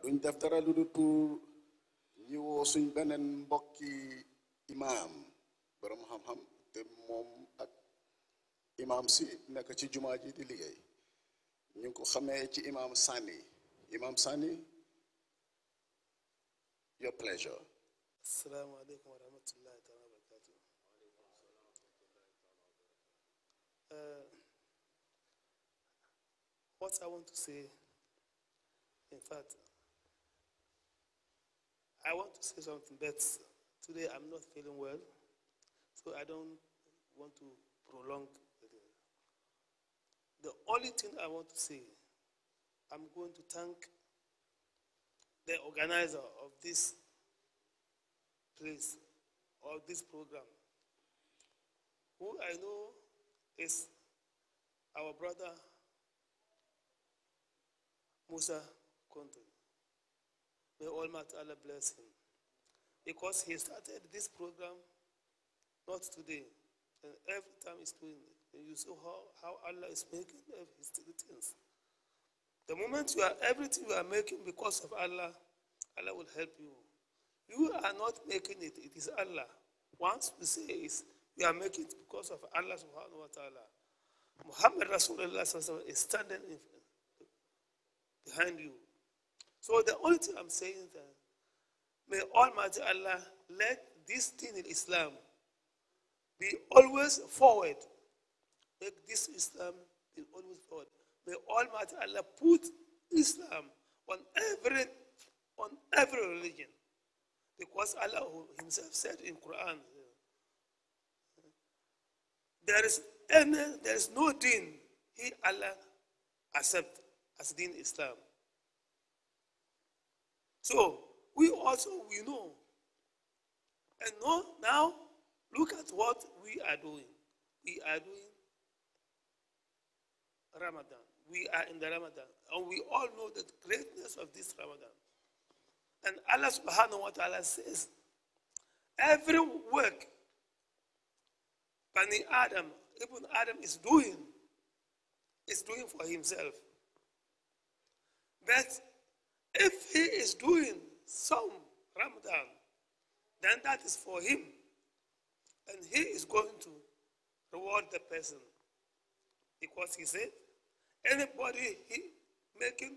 duñ def dara lu dul pour ñu woo suñ beneen mbokki imaam borom xam-xam te moom ak imaam si nekk ci ji di liggéey ñu ko xamee ci imaam Sani imaam Sani your pleasure. asalaamaaleykum wa rahmatullahi taala wa uh, What I want to say, in fact. I want to say something, but today I'm not feeling well, so I don't want to prolong. The, the only thing I want to say, I'm going to thank the organizer of this place, of this program, who I know is our brother Musa Conte. May Almighty Allah bless him. Because he started this program not today. And every time he's doing it, and you see how, how Allah is making his things. The moment you are everything you are making because of Allah, Allah will help you. You are not making it, it is Allah. Once we say it, we are making it because of Allah subhanahu wa ta'ala. Muhammad Rasulullah is standing in, behind you. So the only thing I'm saying that may Almighty Allah let this thing in Islam be always forward. Make this Islam be always forward. May Almighty Allah put Islam on every on every religion. Because Allah Himself said in Quran, there is any, there is no deen He Allah accept as deen Islam. So we also we know. And now look at what we are doing. We are doing Ramadan. We are in the Ramadan. And we all know the greatness of this Ramadan. And Allah subhanahu wa ta'ala says, every work Bani Adam, Ibn Adam is doing, is doing for himself. But if he is doing some Ramadan, then that is for him. And he is going to reward the person. Because he said, anybody he making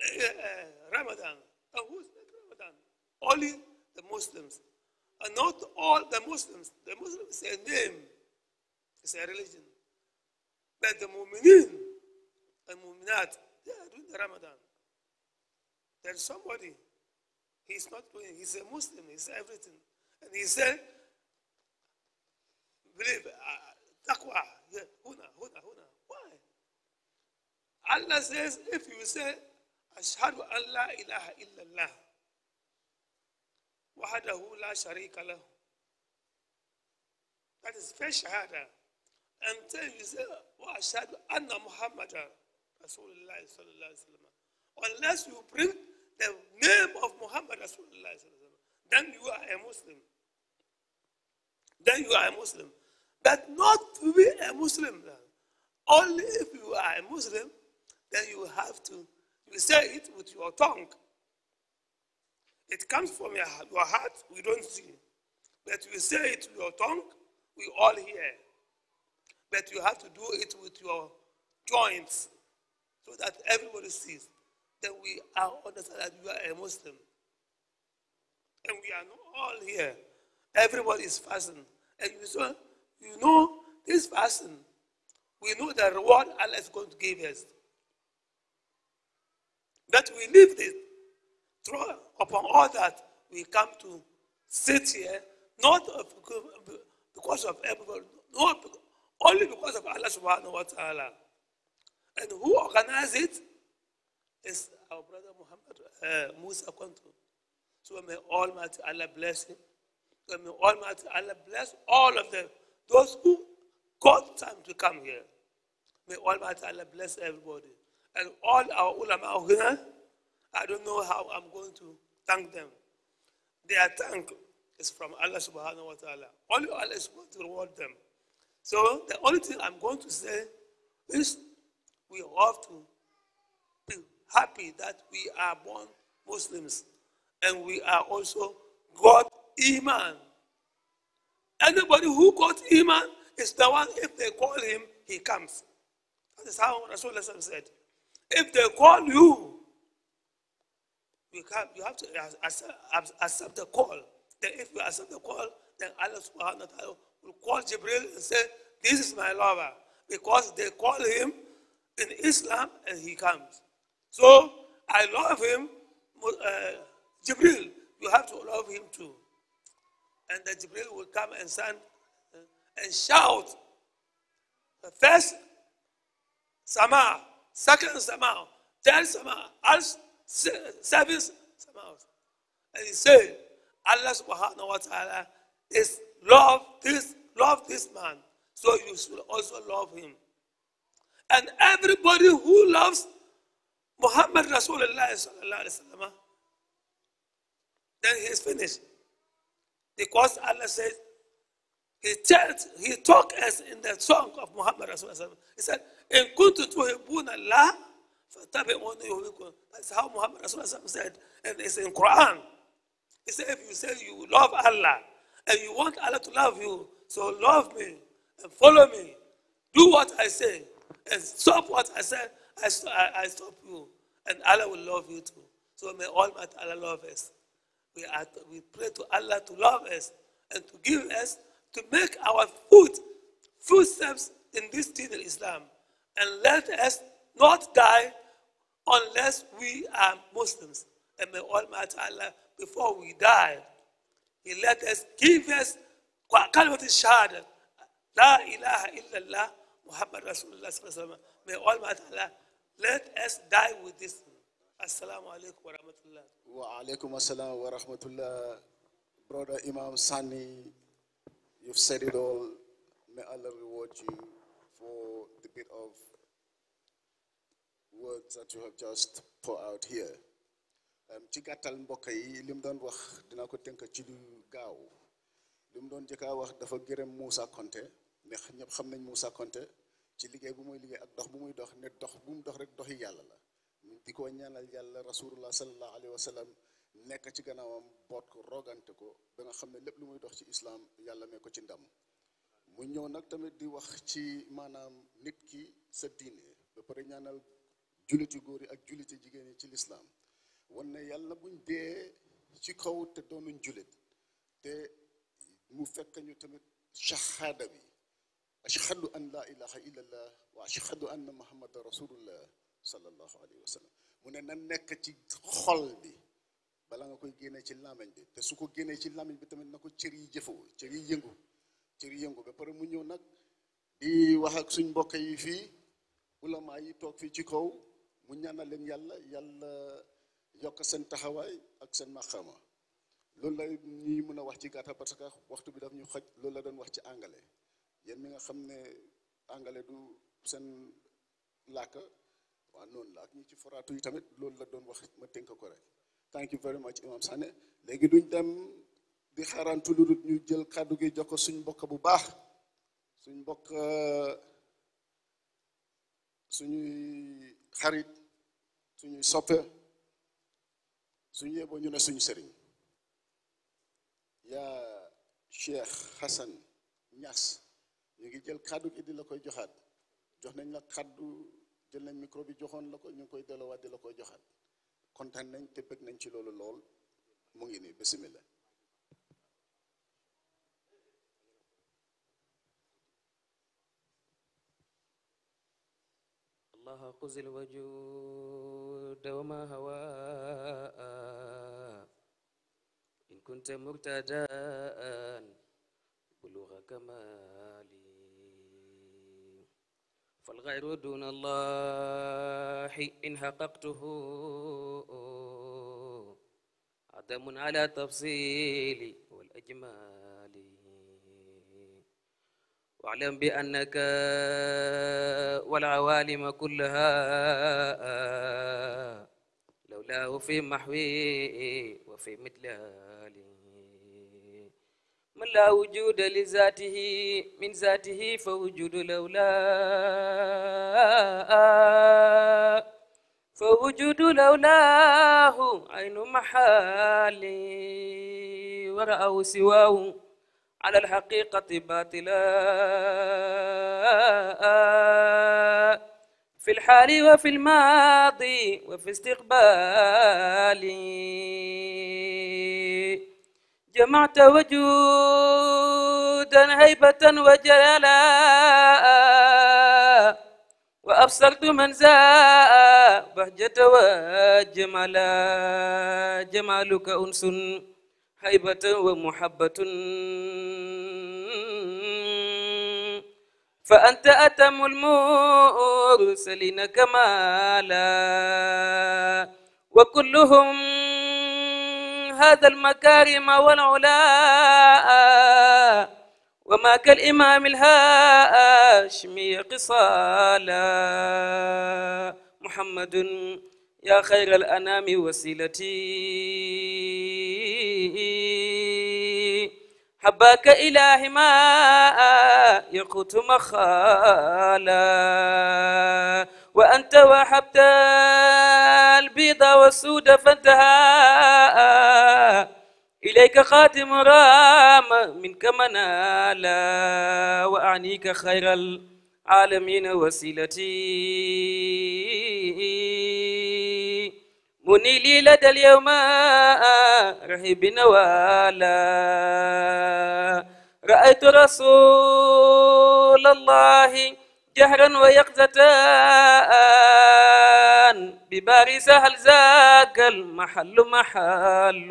uh, uh, Ramadan, uh, who's making Ramadan? Only the Muslims. And not all the Muslims. The Muslims is a name, it's a religion. But the Mu'minin and Mu'minat, they are doing the Ramadan. There is somebody. He's not doing. He's a Muslim. He's everything. And he said, believe, uh, taqwa, huna, huna, huna. Why? Allah says, if you say, ashhadu an la ilaha illallah, wahadahu la sharika lahu. That is first shahada. Until you say, wa ashhadu anna muhammadan rasulullah sallallahu alaihi wasallam unless you bring the name of Muhammad Rasulullah. Then you are a Muslim. Then you are a Muslim. But not to be a Muslim. Only if you are a Muslim, then you have to you say it with your tongue. It comes from your, your heart, we don't see. But you say it with your tongue, we all hear. But you have to do it with your joints so that everybody sees then we are understand that we are a Muslim. And we are not all here. Everybody is fasting. And you, so, you know this fasting. We know the reward Allah is going to give us. That we live this. Through, upon all that, we come to sit here, not because of everybody, not only because of Allah subhanahu wa ta'ala. And who organized it? It's our brother Muhammad, uh, Musa Kwantu. So may Almighty Allah bless him. And may Almighty Allah bless all of them. Those who got time to come here. May Almighty Allah bless everybody. And all our ulama here, I don't know how I'm going to thank them. Their thank is from Allah subhanahu wa ta'ala. Only Allah is going to reward them. So the only thing I'm going to say is we have to happy that we are born Muslims and we are also God Iman. Anybody who got Iman is the one, if they call him, he comes. That is how Rasulullah said. If they call you, you have to accept the call. Then if you accept the call, then Allah subhanahu wa ta'ala will call Jibril and say, This is my lover. Because they call him in Islam and he comes. So I love him. Uh, Jibril, you have to love him too. And the Jibril will come and stand uh, and shout. The uh, first Sama, second Sama, third Sama, as seventh Sama. And he said, Allah subhanahu wa ta'ala is love this, love this man. So you should also love him. And everybody who loves Muhammad Rasulullah sallallahu alaihi wasallam. Ah. Then he is finished. Because Allah says, he, tell, he taught as in the song of Muhammad Rasulullah. He said, In kuntu tuhibbuna Allah, fatabi'uni yuhibbukum. That's how Muhammad Rasulullah said, and it's in Quran. He said, if you say you love Allah, and you want Allah to love you, so love me, and follow me, do what I say, and stop what I said, I, st- I, I stop you, and Allah will love you too. So may Almighty Allah love us. We, are we pray to Allah to love us and to give us, to make our foot steps in this thing Islam. And let us not die unless we are Muslims. And may Almighty Allah, before we die, He let us give us كلمة الشهادة لا إله إلا الله رسول الله صلى الله عليه وسلم May Almighty Allah let us die with this. Assalamu alaikum wa rahmatullah. Wa alaikum assalam wa rahmatullah. Brother Imam Sani, you've said it all. May Allah reward you for the bit of words that you have just poured out here. Um, ci gàttal mbokk yi li mu doon wax dina ko tënk ci lu gaaw li doon jëkkaa wax dafa gërëm Moussa Konté ndax ñëpp xam nañ Moussa Konté ci liggéey bu muy liggéey ak dox bu muy dox ne dox bu mu dox rek doxi yàlla la di ko ñaanal yàlla rasulullah sallallahu alayhi wa sallam nekk ci gannaawam boot ko rogante ko ba xam ne lépp lu muy dox ci islaam yàlla mee ko ci ndam mu ñëw nag tamit di wax ci maanaam nit ki sa diine ba pare ñaanal julliti góor yi ak julliti jigéen yi ci lislaam wan ne yàlla buñ dee ci kaw te doonuñ jullit te mu fekk ñu tamit shahaada bi أشهد أن لا إله إلا الله وأشهد أن محمد رسول الله صلى الله عليه وسلم من نك تي خول بي بالا نكو غينا تي لامن دي تي سوكو غينا تي لامن بي تامن نكو تيري جيفو تيري ييغو تيري ييغو بي بار مو نيو نك دي واخ اك سوني بوكاي في علماء يي توك في تي لين يالا يالا يوك سن تخاواي مخاما لولا ني مونا واخ تي غاتا باسكو وقتو بي داف لولا دون واخ تي yéen mi nga xam ne àngale du seen làkk waaw noonu la ak ñi ci foraatu yi tamit loolu la doon wax ma tënk ko rek thank you very much imam Sané léegi duñ dem di xaaraantu lu dul ñu jël kàddu gi jox ko suñ mbokk bu baax suñ mbokk euh, suñuy xarit suñuy soppe suñu yeboo ñu ne suñu sëriñ yaa Cheikh Hassan Niass ñu ngi jël kaddu gi di la koy joxaat jox nañ la kaddu jël nañ micro bi joxoon la ko ñu koy delloowaat di la koy joxaat kontaan nañ te bëgg nañ ci loolu lool mu ngi nii bisimilah. الله قز الوجود وما هواء إن كنت مرتداء بلغ كمال فالغير دون الله إن حققته عدم على تفصيل والأجمال واعلم بأنك والعوالم كلها لولاه في محوي وفي مدلالي من لا وجود لذاته من ذاته فوجود لولا فوجود لولاه عين محال ورأوا سواه على الحقيقة باطلا في الحال وفي الماضي وفي استقبالي جمعت وجودا هيبة وجلالا وأفصلت من زاء بهجة وجمالا جمالك أنس هيبة ومحبة فأنت أتم المرسلين كمالا وكلهم هذا المكارم والعلاء وما كالإمام الهاشمي قصالا محمد يا خير الأنام وسيلتي حباك إله ما يقوت مخالا وأنت وحبت البيض والسود فانتهى إليك خاتم رام منك منالا وأعنيك خير العالمين وسيلتي مني لي لدى اليوم رحب نوالا رأيت رسول الله جهرا ويقتتان بباري سهل ذاك المحل محل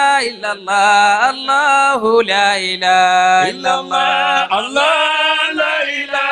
ilaha illallah Allahu la ilaha illallah Allah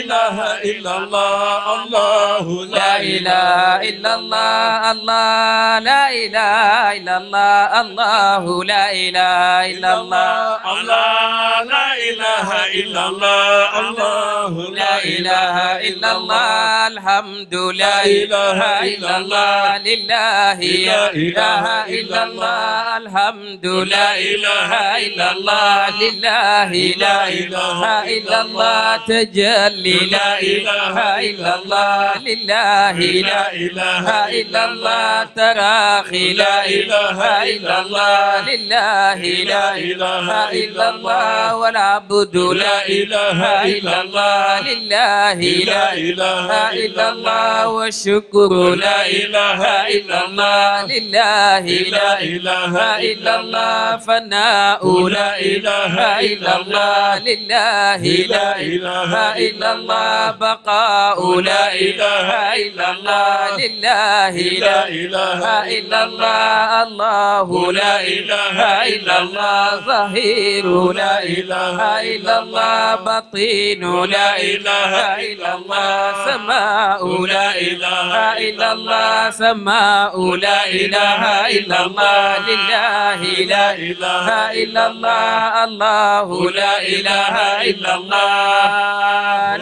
إله إلا الله الله لا إله إلا الله الله لا إله إلا الله الله لا إله إلا الله الله لا إله إلا الله الله لا إله إلا الله الحمد لا إله إلا الله لله لا إله إلا الله الحمد لا إله إلا الله لله لا إله إلا الله تجلى لا إله إلا الله لله لا إله إلا الله تراخي لا إله إلا الله لله لا إله إلا الله والعبد لا إله إلا الله لله لا إله إلا الله والشكر لا إله إلا الله لله لا إله إلا الله فناء لا إله إلا الله لله لا إله إلا إلا الله بقاء لا إله إلا الله لله لا إله إلا الله الله لا إله إلا الله ظهير لا إله إلا الله بطين لا إله إلا الله سماء لا إله إلا الله سماء لا إله إلا الله لله لا إله إلا الله الله لا إله إلا الله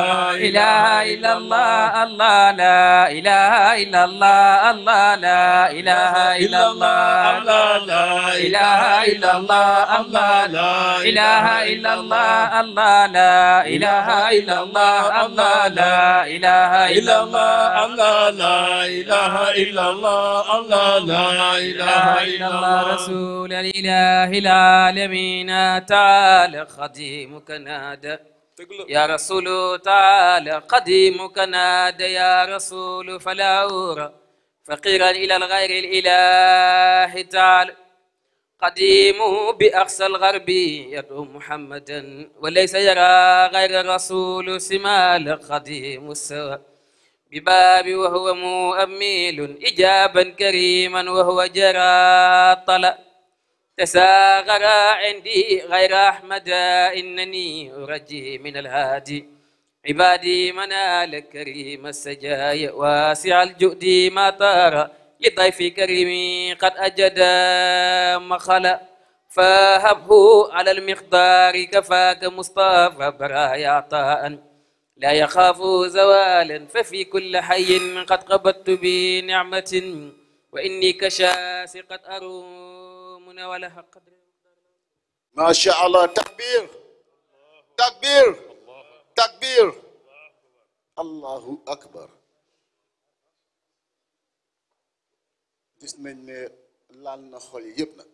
إله إلا الله الله لا إله إلا الله الله لا إله إلا الله الله لا إله إلا الله الله لا إله إلا الله الله لا إله إلا الله الله لا إله إلا الله الله لا إله إلا الله الله لا إله إلا الله رسول الإله العالمين تعالى خديمك نادى يا رسول تعالى قديمك نادى يا رسول فلا أورى فقيرا إلى الغير الإله تعالى قديم بأقصى الغرب يدعو محمدا وليس يرى غير الرسول سمال قديم السوى بباب وهو مؤمل إجابا كريما وهو جرى طلأ تساغر عندي غير أحمد إنني أرجي من الهادي عبادي منال كريم السجايا واسع الجؤد ما طار لطيف كريم قد أجد مخلا فهبه على المقدار كفاك مصطفى برايا عطاء لا يخاف زوالا ففي كل حي قد قبضت بنعمة وإني كشاس قد أروم مناولها قدر ما شاء الله تكبير تكبير تكبير الله اكبر تسمعني لالنا خول ييب نك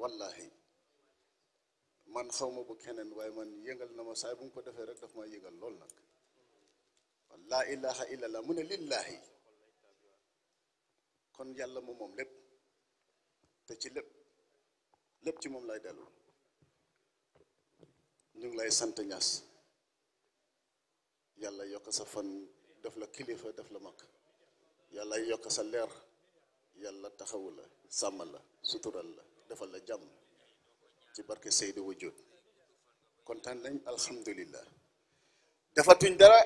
والله من خوما بو كينن واي من ييغال نما ساي بو كو دافي رك داف ييغال لول نك لا اله الا الله من لله كون يالا موم لب te ci lépp lépp ci moom lay dellu ñu ngi lay sant ñaas yàlla yokk sa fan def la kilifa def la mag yàlla yokk sa leer yàlla taxawu la sàmm la sutural la defal la jàmm ci barke Seydou Wujud kontaan nañ alhamdulillah defatuñ dara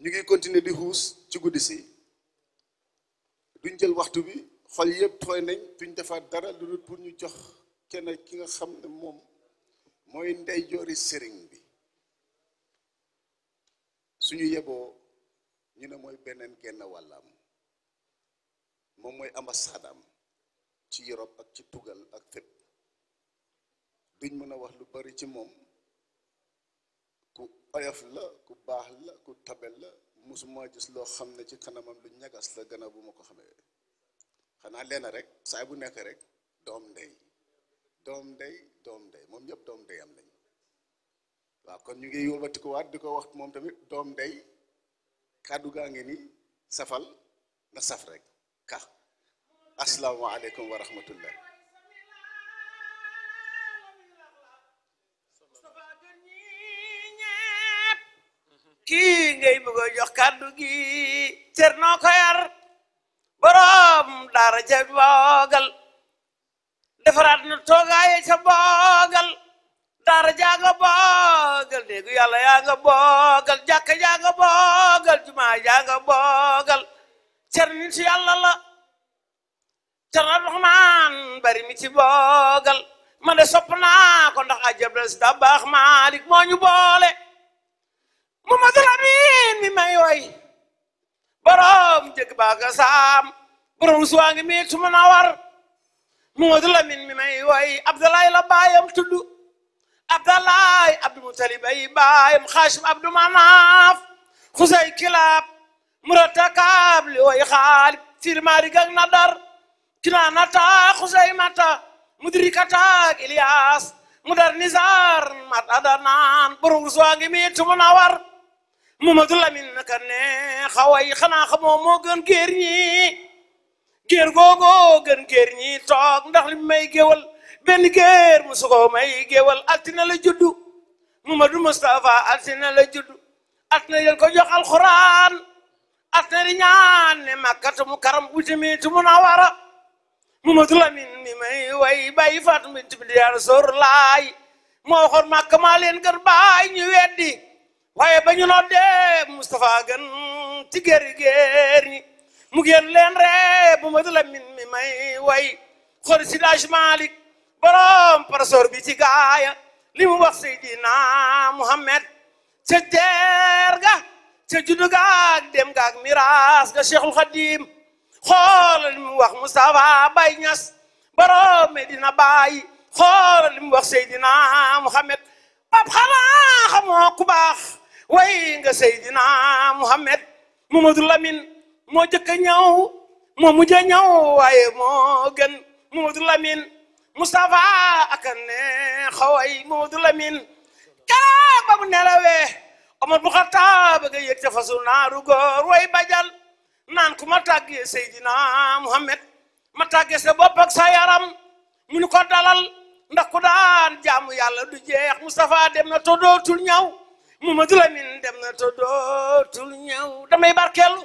ñu ngi continuer di xuus ci guddi si duñ jël waxtu bi xol yëpp tooy nañ duñ defar dara lu dul pour ñu jox kenn ki nga xam ne moom mooy ndeyjoori sëriñ bi suñu yeboo ñu ne mooy beneen genn wàllam moom mooy ambassade am ci Europe ak ci tugal ak fépp duñ mën a wax lu bari ci moom ku oyof la ku baax la ku tabel la musuma gis loo xam ne ci kanamam lu ñagas la gannaaw bu ma ko xamee xanaa lenn rek saay bu nekk rek doom ndey doom ndey doom ndey moom ñëpp doom ndey am nañ waaw kon ñu ngi yóbbati di ko wax moom tamit doom ndey kàddu gaa ngi ni safal na saf rek ka asalaamaaleykum wa rahmatullah kii ngay bëgg a jox kàddu gi cër noo ko yar borom daara ja boogal defaraat na toogaaye ca boogal daara jaa nga boogal néegu yàlla yaa nga boogal jàkka jaa nga boogal jumaa jaa nga boogal cer nit yàlla la cer Abdourahmaan bari mi ci boogal man de sopp ko ndax ajab la si da baax Maalik moo boole Mamadou Lamine mi may woy borom jëg baaga saam borom suwaa ngi mi tu mën a war Moodu Lamin mi may woy Abdalaay la baayam tudd Abdalaay Abdu Mutalib ay baayam Xaasim Abdu Manaaf Xusay Kilaab Muratakab li woy Xaalib Tirmaari gag na dar Kinaanata Xusay Mata Mudrikataak Iliyaas Mudar Nizaar Mat Adanaan borom suwaa ngi mi tu mën a war Mamadou Lamine naka ne xaway xanaa xamoo moo gën géer ñi géer googoo gën géer ñi toog ndax li may géwal benn géer musu ko may géwal altina la juddu Mamadou Moustapha altina la juddu altina altina di ñaan ne makkatu mu karam utimi tu munawara Mamadou Lamine mi may way bàyyi Fatou bintu bi di Yàlla sóor laay moo waxoon màkk maa leen gën baay ñu weddi waaye ba ñu noddee Moustapha gën ci géeri géer ñi mu génn leen ree bu ma min mi may way xor si Malik borom parasor bi ci li mu wax Seydina Muhammad ca teer ga ca juddu ga ak dem ga miraas ga Cheikhul Khadim xoolal li mu wax Moustapha Baye Niass borom Medina Baye xoolal li mu wax Seydina Muhammad pap xanaa xamoo ku way nga Seydina Muhammad Mamadou Lamine moo jëkk a ñëw moo mujj a ñëw waaye moo gën Mamadou Lamine Moustapha aka ne xaway Mamadou Lamine kara ba mu nelawee Omar bu ba nga yëg ca fasul naaru góor way bajal naan ku ma tàggee Seydina Muhammad ma tàggee sa bopp ak sa yaram munu ko dalal ndax ku dem na to dootul ñëw Mamadou Lamine dem na te dootul ñëw damay barkeelu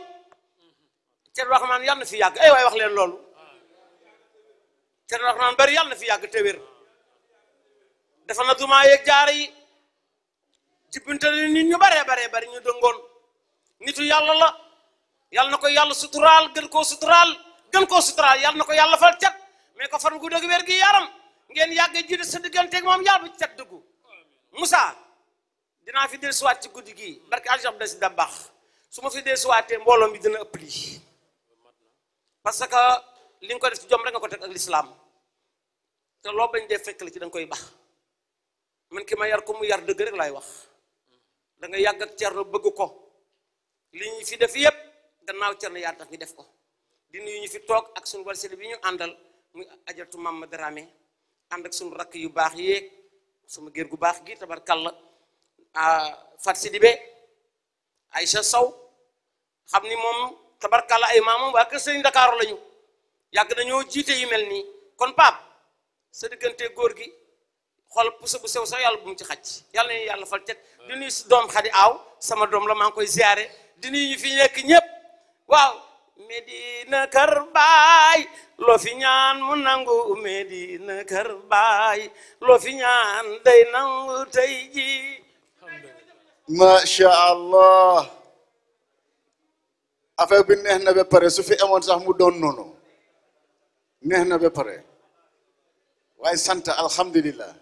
Thierno Rahman yàlla na fi yàgg ay eh, waay wax leen loolu Thierno Rahman bari yàlla na fi yàgg te wér dafa na duma yeeg jaara yi jibbinte nit ñu baree baree bari ñu dëngoon nitu yàlla la yàlla na ko sutural gën koo suturaal gën koo suturaal yàlla na ko fal cat mais ko fan gu dëgg wér gi yaram ngeen yàgg jiite sa digganteeg moom yàlla bu cat dina fi del suwat ci guddi gi barke aljam dess si da mbaax su fi del suwaté mbooloo mi dina ëpp parce que li nga ko def ci jom rek nga ko tek ak l'islam te lo bañ def fekk li ci dang koy bax man ki ma yar ko mu yar deug rek lay wax da nga yag ak cerno bëgg ko li ñi fi def yépp gannaaw cerno yar tax ñu def ko di nuyu ñu fi toog ak suñu walsel bi ñu àndal muy ajatu mam dramé ànd ak suñu rakk yu baax yéeg sama géer gu baax gi tabarkallah Fat Sidibé sa saw xam ni moom tabarkàlla ay maamam waa kër sëriñ Ndakaaru lañu yàgg nañoo jiite yu mel nii kon Pape sa diggante góor gi xool puso bu sew sax yàlla bu mu ci xaj yàlla nañu yàlla fal cet di nuyu si doom xadi aw sama doom la maa koy ziyaare di nuyu ñu fi nekk ñëpp waaw Medina Kër Baay loo fi ñaan mu nangu Medina Kër Baay loo fi ñaan day nangu tey ji macha allah affaire bi neex na ba pare su fi amoon sax mu doon noonu neex na ba pare waaye sant alhamdulillah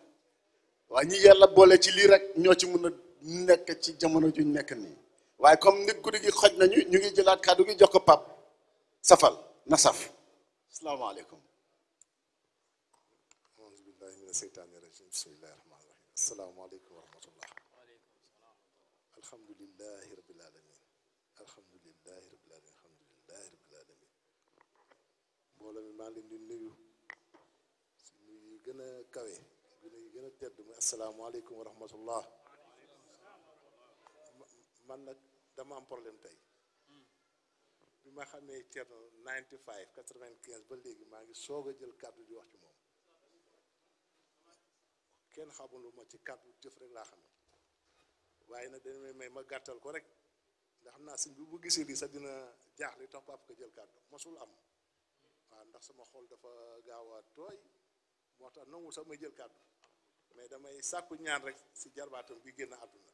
waaye ñi yàlla boole ci lii rek ñoo ci mun a nekk ci jamono ju nekk nii waaye comme nit guddi gi xoj nañu ñu ngi jëlaat kàddu gi jox ko pap safal na saf asalaamaaleykum aouzu billahi mina seytaani rajim bismillahi rahmaani rahim mbooloo mi maa leen di nuyu si nuyu gën a kawe gën a gën a tedd muy asalaamaaleykum wa rahmatullah man nag dama am problème tey bi ma xamee Thierno 95 95 ba léegi maa ngi soog a jël kàddu di wax ci moom kenn xamul ma ci kàddu jëf rek laa xam waaye nag dañ may may ma gàttal ko rek ndax xam naa sëñ bi bu gisee lii sax dina jaaxle tax papa ko jël kàddu mosul am. waaw ndax sama xol dafa gaaw a tooy moo tax nangul sax may jël kàddu mais damay sàkku ñaan rek si jarbaatam bi génn àdduna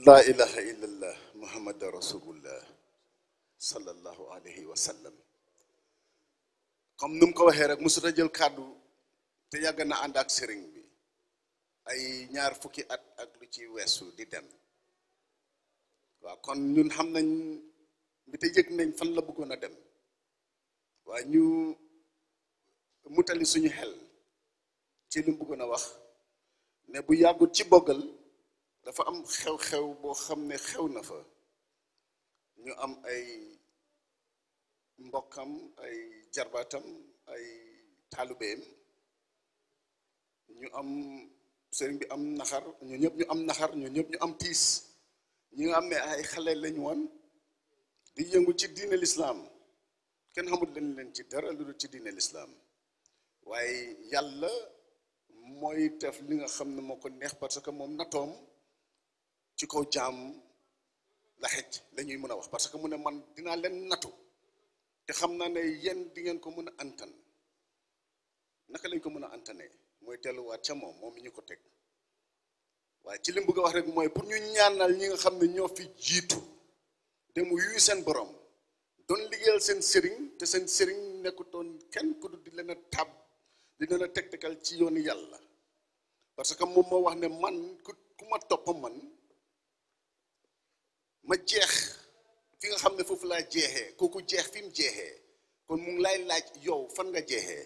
laa ilaha illallah muhammad rasulullah sallallahu alayhi wa sallam comme nu ko waxee rek musuta jël kàddu te yàgg na ànd ak sëriñ bi ay ñaar fukki at ak lu ci weesu di dem waaw kon ñun xam nañ bi te yëg nañ fan la bëggoon a dem waa ñu mutali suñu xel ci lu mu a wax ne bu yàggut ci boggal dafa am xew-xew boo xam ne xew na fa ñu am ay mbokkam ay jarbaatam ay taalubeem ñu am sëriñ bi am naxar ñu ñëpp ñu am naxar ñu ñëpp ñu am tiis ñi nga am ne ay xale lañ woon di yëngu ci diine lislaam kenn xamul leen leen ci dara lu dul ci diine lislaam waaye yàlla mooy def li nga xam ne moo ko neex parce que moom natoom ci ko jam la xej la mëna wax parce que mu ne man dina len natu te xamna ne yéen di ngeen ko mëna a antan naka lañ ko mëna a moy mooy wat ca mom mom ñu ko tek way ci lim bu wax rek moy pour ñu ñaanal ñi nga xamne ne fi jitu dem yu sen borom don ligel sen serigne te sen serigne nekuton ken ku du di leena tab di leena tek tekal ci yoonu yalla parce que mom mo wax ne man ku man ma jeex fi nga xam ne foofu laa jeexe kooku jeex fi mu jeexee kon mu laay laaj yow fan nga jeexe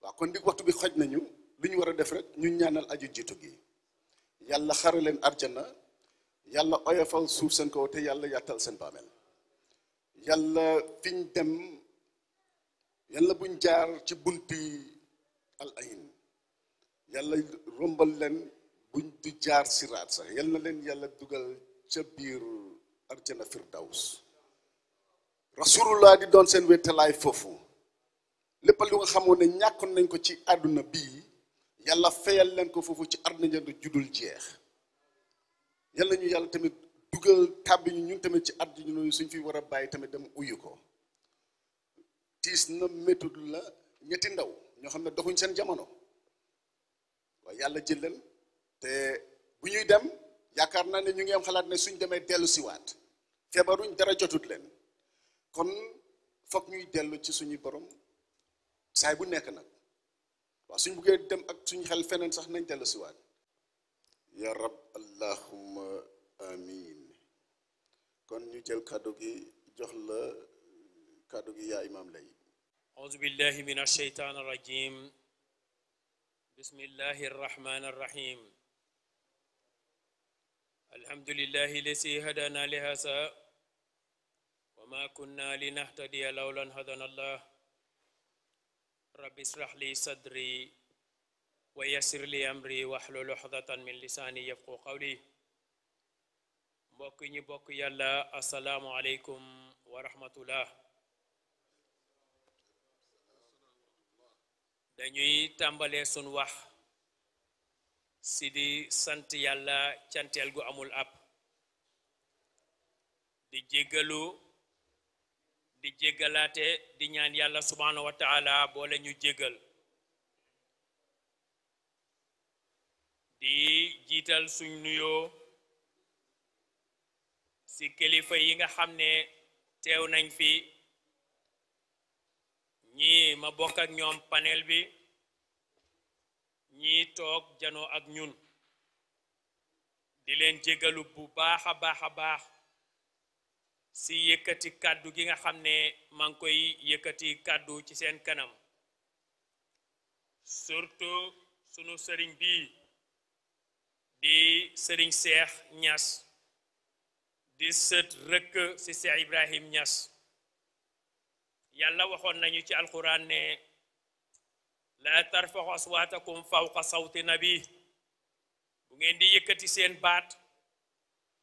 waaw kon di waxtu bi xoj nañu li ñu war a def rek ñu ñaanal aju jiitu gi yàlla xare leen arjana yàlla oyofal suuf seen kaw te yàlla yàttal seen baamel yàlla fiñ dem yàlla buñ jaar ci bunti al ayin yàlla rombal leen buñ du jaar siraat sax yal na leen yàlla dugal ca biir arjana firdaws rasulullah di doon seen wéetalaay foofu lépp lu nga xamoon ne ñàkkoon nañ ko ci àdduna bii yàlla fayal leen ko foofu ci àdduna du judul jeex yàlla ñu yàlla tamit dugal tàbbi ñu ñun tamit ci àdduna yu suñ fi war a bàyyi tamit dem uyu ko tiis na métud la ñetti ndaw ñoo xam ne doxuñ seen jamono waaye yàlla jël leen te bu ñuy dem yaakaar naa ne ñu ngi am xalaat ne suñ demee dellu siwaat feebaruñ dara jotut leen kon foog ñuy dellu ci suñu borom saay bu nekk nag waaw suñ buggee dem ak suñ xel feneen sax nañ dellu waat ya rab allahumma amin kon ñu jël kàddu gi jox la kàddu gi yaa imaam lay أعوذ بالله من الشيطان الرجيم بسم الله الرحمن الرحيم الحمد لله الذي هدانا لهذا وما كنا لنهتدي لولا ان هدانا الله رب اشرح لي صدري ويسر لي امري واحلل عقدة من لساني يفقهوا قولي بوكي ñi bokk السلام عليكم ورحمه الله rahmatullah dañuy tàmbalee sun wax si di sant yàlla canteel gu amul àpp di jéggalu di jéggalaate di ñaan yàlla subhaanahu wa taala boole ñu jéggal di jiital suñ nuyoo si kilifa yi nga xam ne teew nañ fi ñii ma bokk ak ñoom panel bi ñii toog janoo ak ñun di leen jégalu bu baax a baax a baax si yëkkati kàddu gi nga xam ne maa koy yëkkati kàddu ci seen kanam surtout sunu sëriñ bii di sëriñ Seex Ñas di sët rëkk si Seex Ibrahim Ñas yàlla waxoon nañu ci alxuraan ne laa tarfaxu aswaatakum fawqa sawti nabi bu ngeen di yëkkati seen baat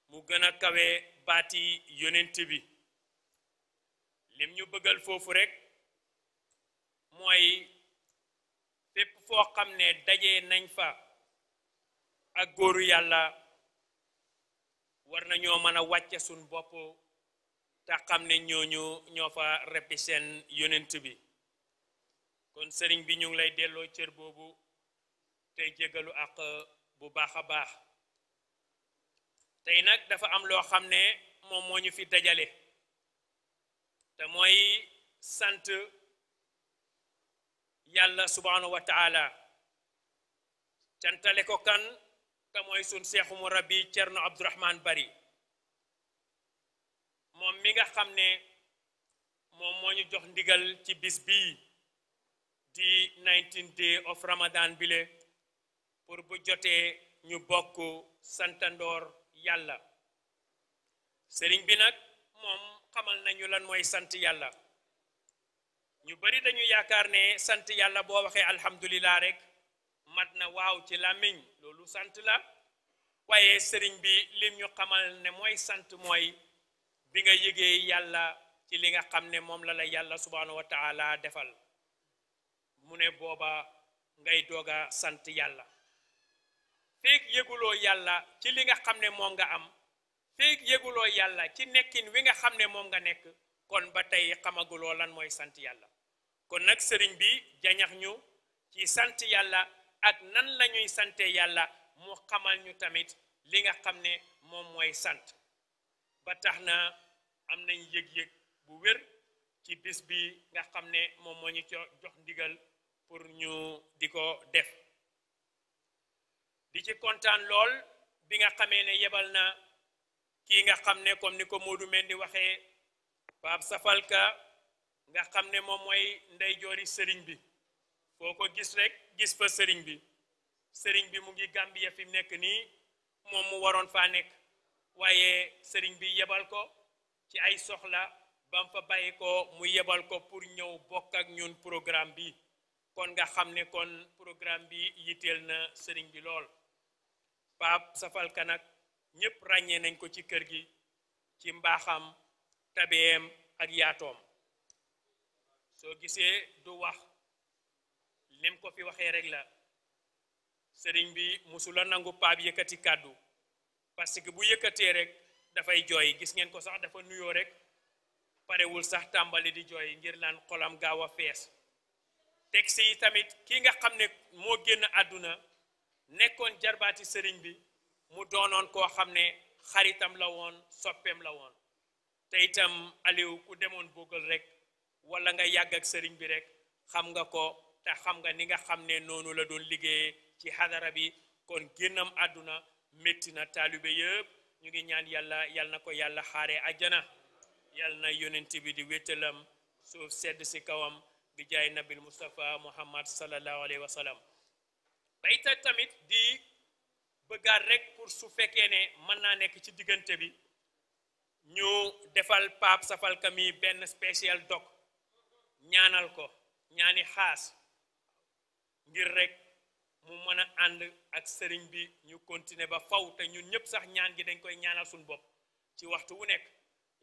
mu gën a kawe baati yonent bi lim ñu bëggal foofu rek mooy fépp foo xam ne dajee nañ fa ak góor yàlla war nañoo mën a wàcce suñ bopp te xam ne ñooñu ñoo fa reppi seen yonent bi kon sering bi ñu ngi lay delo cër bobu tey jégalu ak bu baaxa baax tay nak dafa am lo xamné mom moñu fi dajalé te moy sante yalla subhanahu wa taala cantale ko kan te moy sun cheikh mu rabbi abdourahman bari mom mi nga xamné mom moñu jox ndigal ci bis bi di 19th day of Ramadan bile pour bu jotee ñu bokk santandoor yàlla sëriñ bi nag moom xamal nañu lan mooy sant yàlla ñu bari dañu yaakaar ne sant yàlla boo waxee alhamdulilah rek mat na waaw ci làmmiñ loolu sant la waaye sëriñ bi lim ñu xamal ne mooy sant mooy bi nga yëgee yàlla ci li nga xam ne moom la la yàlla subhanahu wa taala defal mu ne booba ngay doog sant yàlla feeg yëguloo yàlla ci li nga xam ne moom nga am feeg yëguloo yàlla ci nekkin wi nga xam ne moom nga nekk kon ba tey xamaguloo lan mooy sant yàlla kon nag sëriñ bi jañax ñu ci sant yàlla ak nan lañuy ñuy sante yàlla mu xamal ñu tamit li nga xam ne moom mooy sant ba tax na am nañ yëg-yëg bu wér ci bis bi nga xam ne moom moo ñu jox ndigal pour ñu di ko def di ci kontaan lool bi nga xamee ne yebal na kii nga xam ne comme ni ko Modou Mendy waxee Pape Safalka nga xam ne moom mooy ndeyjoori sëriñ bi foo ko gis rek gis fa sëriñ bi sëriñ bi mu ngi Gambia fi nekk nii moom mu waroon faa nekk waaye sëriñ bi yebal ko ci ay soxla bam fa bàyyi ko mu yebal ko pour ñëw bokk ak ñun programme bi kon nga xamne kon programme bi yitel na serigne bi lol pap safal kanak ñépp ragne nañ ko ci kër gi ci mbaxam tabeem ak yaatoom so gisé du wax lim ko fi waxé rek la serigne bi musula nangu pap yëkëti kaddu parce que bu yëkëté rek fay joy gis ngeen ko sax dafa nuyo rek wul sax tambali di joy ngir lan xolam gawa fess texte yi tamit ki nga xam ne moo génn àdduna nekkoon jarbaati sëriñ bi mu doonoon koo xam ne xaritam la woon soppeem la woon te itam Aliou ku demoon bëggal rek walla nga yàgg ak sëriñ bi rek xam nga ko te xam nga ni nga xam ne noonu la doon liggéeyee ci xadara bi kon génnam àdduna métti na taalibe yëpp ñu ngi ñaan yàlla yal na ko yàlla xaaree àjjana yal na yonent bi di wéttalam suuf sedd si kawam bi jaay nabil Moustapha Muhammad sallallahu alayhi wa sallam bayta tamit di bëggaat rek pour su fekkee ne mën naa nekk ci diggante bi ñu defal paab safal kami benn special dog ñaanal ko ñaani xaas ngir rek mu mën a ànd ak sëriñ bi ñu continuer ba faw te ñun ñëpp sax ñaan gi dañ koy ñaanal suñu bopp ci waxtu wu nekk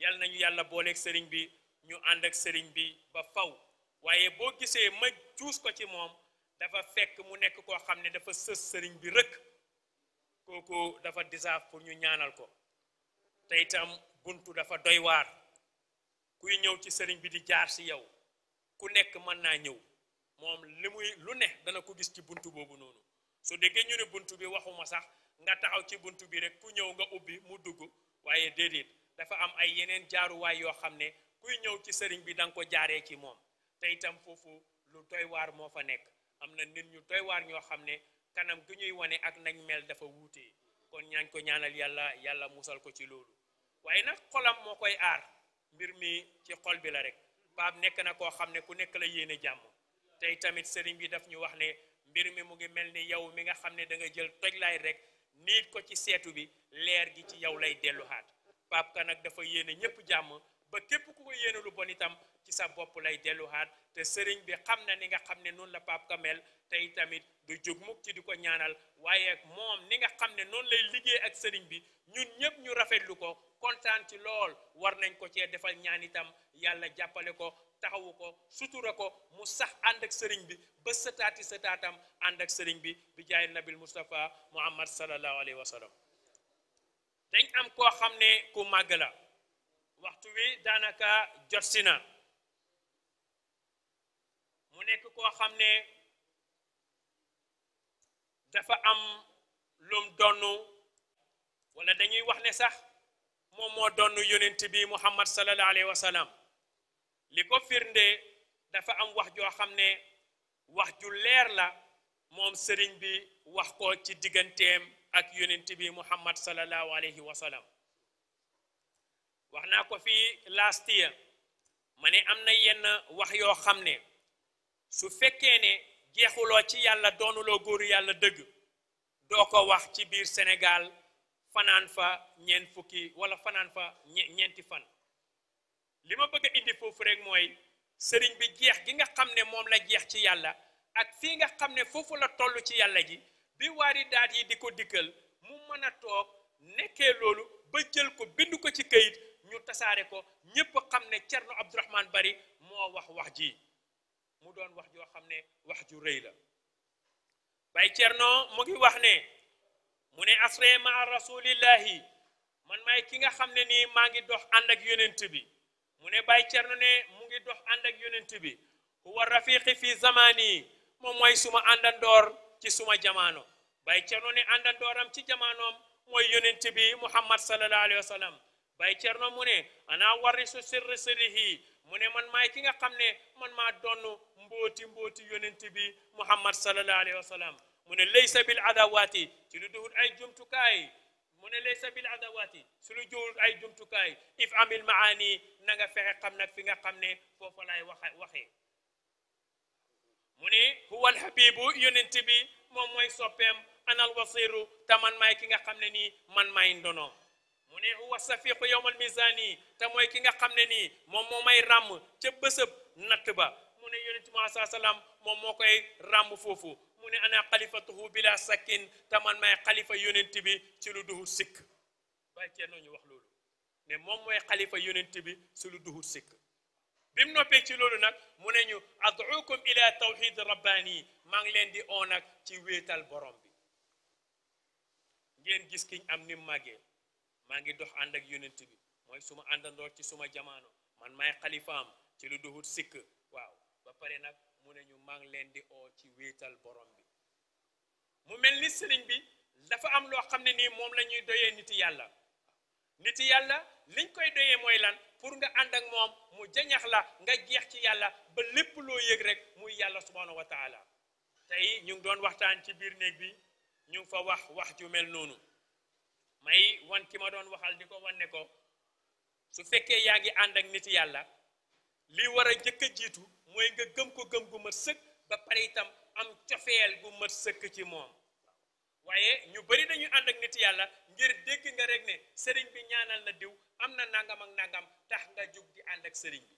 yal nañu yàlla booleeg sëriñ bi ñu ànd ak sëriñ bi ba faw waaye boo gisee ma juus ko ci moom dafa fekk mu nekk koo xam ne dafa sës sëriñ bi rëkk kooku dafa disaaf pour ñu ñaanal ko te itam buntu dafa doy waar kuy ñëw ci sëriñ bi di jaar si yow ku nekk mën naa ñëw moom li muy lu ne dana ko gis ci bunt boobu noonu su déggee ñu ne buntu bi waxuma sax nga taxaw ci bunt bi rek ku ñëw nga ubbi mu dugg waaye déedéet dafa am ay yeneen jaaruwaay yoo xam ne kuy ñëw ci sëriñ bi danga ko jaaree ci moom te itam foofu lu doy moo fa nekk am na nit ñu doy ñoo xam ne kanam gi ñuy wane ak nañ mel dafa wuute kon ñaañ ko ñaanal yàlla yàlla musal ko ci loolu waaye nag xolam moo koy aar mbir mi ci xol bi la rek Pape nekk na koo xam ne ku nekk la yéene jàmm tey tamit sëriñ bi daf ñu wax ne mbir mi mu ngi mel ni yow mi nga xam ne da jël toj laay rek niit ko ci seetu bi leer gi ci yow lay delluwaat Pape ka nag dafa yéene ñëpp jàmm ba képp ku ko yéene lu bon itam ci sa bopp lay delluwaat te sëriñ bi xam na ni nga xam ne noonu la Pape Kamel tey tamit du jóg mukk ci di ko ñaanal waaye moom ni nga xam ne noonu lay liggéey ak sëriñ bi ñun ñëpp ñu rafetlu ko kontaan lool war nañ ko cee defal ñaan itam yàlla jàppale ko taxawu ko sutura ko mu sax ànd ak sëriñ bi ba sëtaati sëtaatam ànd ak sëriñ bi bi jaay nabil Mustafa Muhammad sallallahu alayhi wa sallam dañ am koo xam ne ku màgg la waxtu wi daanaka jot si mu nekk koo xam ne dafa am lum donn wala dañuy wax ne sax moom moo donn yonent bi muhammad salallahu alayhi wa sallam li ko firnde dafa am wax joo xam ne wax ju leer la moom sëriñ bi wax ko ci digganteem ak yonent bi muhammad salallahu alayhi wa sallam wax naa ko fii last year ma ne am na yenn wax yoo xam ne su fekkee ne jeexuloo ci yàlla doonuloo góor yàlla dëgg doo ko wax ci biir Sénégal fanaan fa ñeent fukki wala fanaan fa ñeenti fan li ma bëgg a indi foofu rek mooy sëriñ bi jeex gi nga xam ne moom la jeex ci yàlla ak fii nga xam ne foofu la toll ci yàlla ji bi waari daat yi di ko dikkal mu mën a toog nekkee loolu ba jël ko bind ko ci këyit ñu tasaare ko ñépp xam ne Cerno Abdourahmane Bari moo wax wax ji mu doon wax joo xam ne wax ju rëy la bay no mu ngi wax ne mu ne asre ma rasulillahi man may ki nga xam ne nii maa ngi dox ànd ak yonent bi mu ne bay cerno ne mu ngi dox ànd ak yonent bi huwa rafiqi fi zamani moom mooy suma àndandoor ci suma jamaano bay cerno ne àndandooram ci jamaanoom mooy yonent bi muhammad sallallahu alayhi wa sallam bay cerno mu ne ana warisu sirri sirrihi mune man may ki nga xamne man ma donu mboti mboti yonent bi muhammad sallallahu alaihi wasallam mune laysa bil adawati ci lu duhul ay jumtukaay mu ne laysa bil adawati su lu juhut ay jumtukaay if amil maani na nga fexe xam nak fi nga xamne fofu lay laay waxe mune huwa al habibu alhabibu yonent bi mom moy sopem anal wasiru te man maay ki nga xamne ni man may ndono mu ne huwa safiqu yowmal misaani ta mooy ki nga xam ne nii moom moo may ràmm ca bësëb natt ba mu ne yonent bi saa salaam moom moo koy ràmm foofu mu ne ana xalifatuhu bila sakkin te may xalifa yonent bi ci lu duhul sikk bàyyi cee wax loolu ne moom mooy xalifa yonent bi ci lu duhul mu noppee ci loolu nag mu ne ñu aduukum ila tawxid rabbaani maa ngi leen di oo nag ci wéetal borom bi ngeen gis kiñ am ni màggee maa ngi dox ànd ak yonent bi mooy suma àndandoor ci suma jamaano man may xalifaam ci lu duhut sikk waaw ba pare nag mu ne ñu maa leen di oo ci wéetal borom bi mu mel ni sëriñ bi dafa am loo xam ne nii moom la ñuy doyee niti yàlla niti yàlla liñ koy doyee mooy lan pour nga ànd ak moom mu jañax la nga jeex ci yàlla ba lépp loo yëg rek muy yàlla subhaanahu wataala tey ñu ngi doon waxtaan ci biir néeg bi ñu ngi fa wax wax ju mel noonu may wan ki ma doon waxal di ko wan ko su fekkee yaa ngi ànd ak nit yàlla li war a njëkk a jiitu mooy nga gëm ko gëm gu mat sëkk ba pare itam am cofeel gu mat sëkk ci moom waaye ñu bari dañu ànd ak nit yàlla ngir dégg nga rek ne sëriñ bi ñaanal na diw am na nangam ak nangam tax nga jug di ànd ak sëriñ bi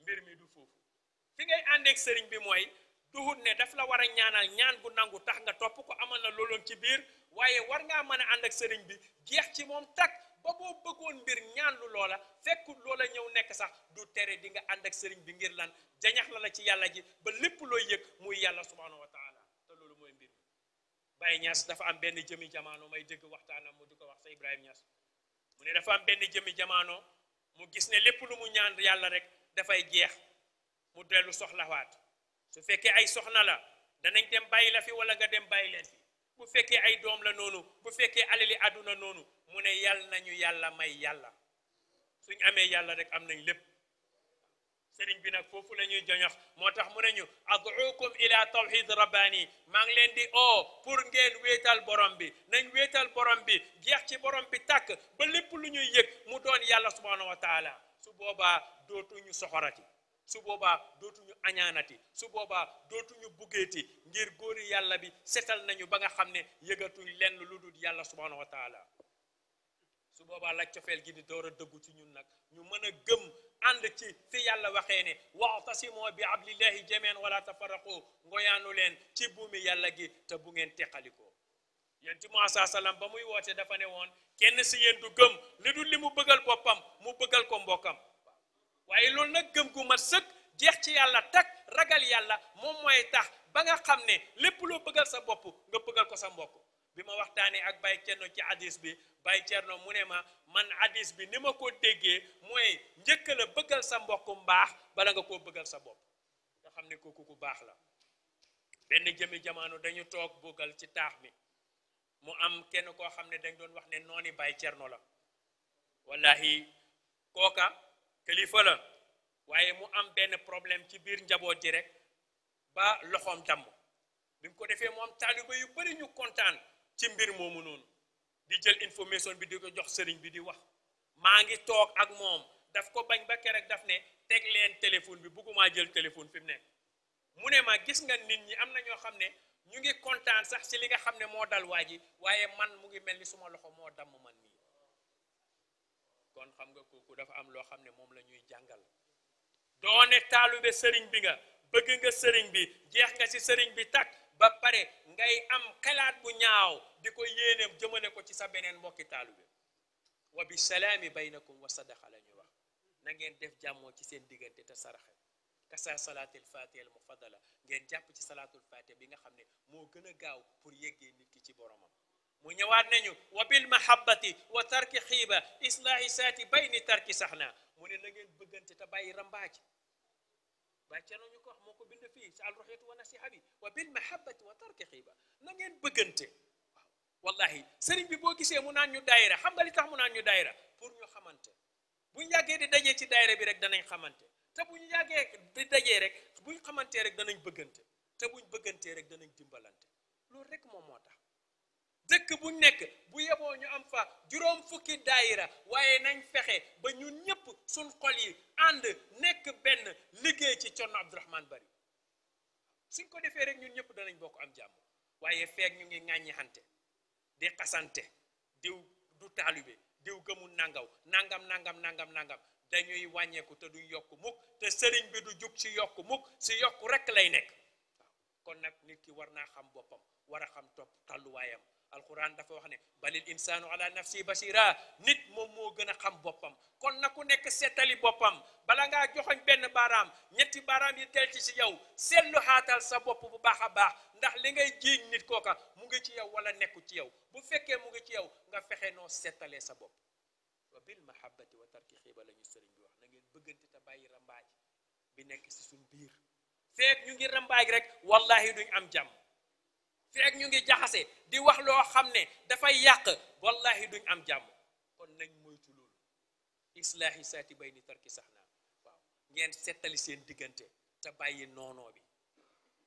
mbir mi du foofu fi ngay ànd sëriñ bi mooy duhut ne daf la war a ñaanal ñaan bu nangu tax nga topp ko amal na looloon ci biir waaye war ngaa mën a ànd ak sëriñ bi jeex ci moom takk ba boo bëggoon mbir ñaan lu loola fekkul loola ñëw nekk sax du tere di nga ànd ak sëriñ bi ngir lan jañax la la ci yàlla ji ba lépp looy yëg muy yàlla subhanahu wa taala te loolu mooy mbir mi Baye dafa am benn jëmi jamaano may dégg waxtaanam mu di ko wax sa ibrahim Niass mu ne dafa am benn jëmmi jamaano mu gis ne lépp lu mu ñaan yàlla rek dafay jeex mu dellu soxlawaat su fekkee ay soxna la danañ dem bàyyi la fi wala nga dem bàyyi leen fi bu fekkee ay doom la noonu bu fekkee alali àdduna noonu mu ne yàll nañu yàlla may yàlla suñ amee yàlla rek am nañ lépp sëriñ bi nag foofu lañuy ñuy joñox moo tax mu ne ñu aduukum ila tawxid rabbaani maa ngi leen di oo pour ngeen wéetal borom bi nañ wéetal borom bi jeex ci borom bi tàkk ba lépp lu ñuy yëg mu doon yàlla subhanahu wa taala su boobaa dootuñu soxorati su boobaa dootuñu añaanati su boobaa dootuñu buggeeti ngir góori yàlla bi setal nañu ba nga xam ne yëgatuñ lenn lu dul yàlla subhanahu wa su boobaa la cofeel gi di door a dëggu ci ñun nag ñu mën a gëm ànd ci fi yàlla waxee ne wax waxtasimoo bi ablillahi jameen wala tafarraqu ngoyaanu leen ci buumi yàlla gi te bu ngeen teqalikoo yéen ci Musaa ba muy wootee dafa ne woon kenn si yéen du gëm li dul li mu bëggal boppam mu bëggal ko mbokkam waaye loolu nag gëm gu mat sëkk jeex ci yàlla takk ragal yàlla moom mooy tax ba nga xam ne lépp loo bëggal sa bopp nga bëggal ko sa mbokk bi ma waxtaanee ak Baye Cerno ci hadis bi Baye Cerno mu ne ma man hadis bi ni ma ko déggee mooy njëkk la bëggal sa mbokk mbaax bala nga koo bëggal sa bopp nga xam ne kooku ku baax la benn jëmi jamaano dañu toog bëggal ci taax bi mu am kenn koo xam ne dañ doon wax ne nooni Baye Cerno la wallahi kooka kilifa la waaye mu am benn problème ci biir njaboot ji rek ba loxoom damm bi mu ko defee mu am taaliba yu ñu kontaan ci mbir moomu noonu di jël information bi di ko jox sëriñ bi di wax maa ngi toog ak moom daf ko bañ ba keroog daf ne teg leen téléphone bi bëggumaa jël téléphone fi mu nekk mu ne ma gis nga nit ñi am na ñoo xam ne ñu ngi kontaan sax si li nga xam ne moo dal waa ji waaye man mu ngi mel ni suma loxo moo damm ma kon xam nga kooku dafa am loo xam ne moom la ñuy jàngal doone taalube sëriñ bi nga bëgg nga sëriñ bi jeex nga ci sëriñ bi takk ba pare ngay am xalaat bu ñaaw di ko yéene jëmale ko ci sa beneen mbokki taalube wa bi yi bay na ko wa sa la ñuy wax na ngeen def jàmmoo ci seen diggante te saraxe kasa salaatil fatiha al fadala ngeen jàpp ci salaatul faate bi nga xam ne moo gën a gaaw pour yeggee nit ki ci boromam mu ñëwaat nañu wa bil mahabbati wa tarki xiiba islaahi saati bayni tarki saxna mu ne na ngeen bëggante te bàyyi rambaaj bàyyi ca ñu ko moo ko bind fii si alruxyatu wa nasiha bi wa bil mahabbati wa tark xiiba na ngeen bëggante waaw wallahi sëriñ bi boo gisee mu naan ñu daayira xam nga li tax mu naan ñu daayira pour ñu xamante bu ñu yàggee di dajee ci daayira bi rek danañ xamante te bu ñu yàggee di dajee rek bu ñu xamantee rek danañ bëggante te bu ñu bëggantee rek danañ dimbalante loolu moo dëkk bu nekk bu yeboo ñu am fa juróom fukki daayira waaye nañ fexe ba ñun ñëpp suñ xol yi ànd nekk benn liggéey ci Cerno Abdourahmane Bari suñ ko defee rek ñun ñëpp danañ bokk am jàmm waaye feeg ñu ngi ŋàññi xante di xasante diw du taalibe diw gëmul nangaw nangam nangam nangam nangam dañuy wàññeeku te du yokk mukk te sëriñ bi du jug si yokk mukk si yokk rek lay nekk kon nag nit ki war naa xam boppam war a xam topp alquran dafa wax ne balil insano ala nafsi basira nit moom moo gën a xam boppam kon na ku nekk seetali boppam bala ngaa joxoñ benn baaraam ñetti baaraam yi del ci si yow seetlu xaatal sa bopp bu baax a baax ndax li ngay jiiñ nit kooka mu ngi ci yow wala nekku ci yow bu fekkee mu ngi ci yow nga fexe noo settalee sa bopp wa bil mahabbati wa tarki xiiba la ñu sëriñ bi wax na ngeen bëggante te bàyyi rambaaj bi nekk si suñ biir feet ñu ngi rambaaj rek wallahi duñ am jàmm feeg ñu ngi jaxase di wax loo xam ne dafay yàq wallahi duñ am jàmm kon nañ moytu loolu islaahi saati bay ni tarki sax naa waaw ngeen settali seen diggante te bàyyi noonoo bi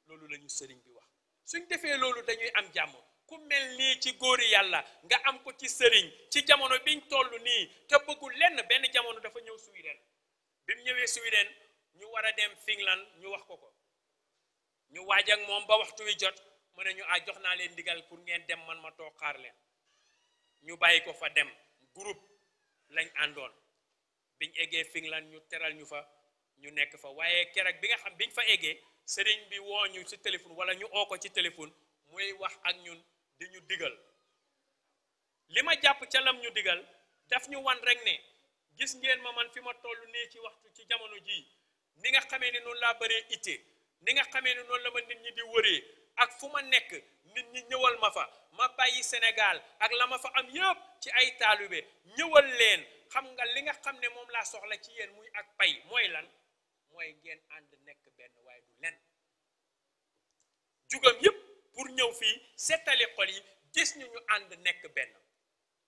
loolu lañu sëriñ bi wax suñ defee loolu dañuy am jàmm ku mel nii ci góori yàlla nga am ko ci sëriñ ci jamono biñ toll nii te bëggul lenn benn jamono dafa ñëw Sweden bi mu ñëwee Sweden ñu war a dem Finland ñu wax ko ko ñu waaj ak moom ba waxtu wi jot mu ne ñu ah jox naa leen digal pour ngeen dem man ma toog xaar leen ñu bàyyi ko fa dem groupe lañ àndoon biñ eggee Finland ñu teral ñu fa ñu nekk fa waaye keroog bi nga xam biñ fa eggee sëriñ bi woo ñu ci téléphone wala ñu oo ko ci téléphone muy wax ak ñun di ñu digal li ma jàpp ca lam ñu digal daf ñu wan rek ne gis ngeen ma man fi ma toll nee ci waxtu ci jamono jii ni nga xamee ne noonu laa bëree itte ni nga xamee ne noonu la ma nit ñi di wëree. ak fu ma nekk nit ñi ñëwal ma fa ma bàyyi Sénégal ak la ma fa am yëpp ci ay taalibe ñëwal leen xam nga li nga xam ne moom laa soxla ci yéen muy ak pay mooy lan mooy ngeen ànd nekk benn waaye du len jugam yépp pour ñëw fii seetali xol yi gis ñu ñu ànd nekk benn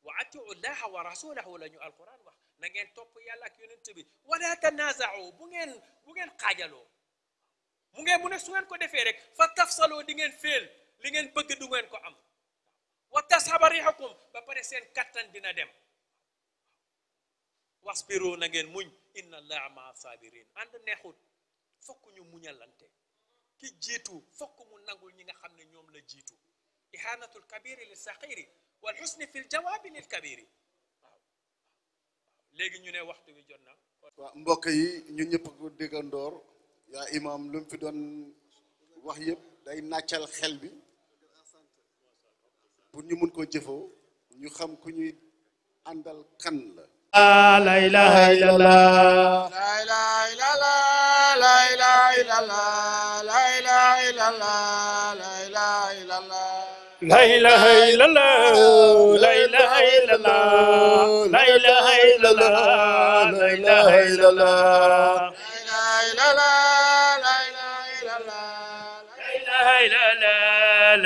wa atiu llaha wa rasulahu la ñu alquran wax na topp yàlla ak yonent bi wala tanazau bu ngeen bu ngeen xaajaloo mu ngeen mu ne su ngeen ko defee rek fa tafsaloo di ngeen féel li ngeen bëgg du ngeen ko am wa yi rixakum ba pare seen kattan dina dem wasbiru na ngeen muñ inna allaha maa sabirin ànd neexut fokk ñu muñalante ki jiitu fokk mu nangul ñi nga xam ne ñoom la jiitu ihanatul kabiri lil saxiri wal xusni fil jawaabi lil kabiri léegi ñu ne waxtu wi jot na waaw mbokk yi ñu ñëpp ko déggandoor yaa imaam lu mu fi doon wax yëpp day nàccal xel bi pour ñu mun koo jëfoo ñu xam ku ñuy àndal kan la la ilaha illallah la ilaha illallah la ilaha illallah la ilaha illallah la ilaha illallah la ilaha illallah la ilaha illallah la ilaha illallah la ilaha illallah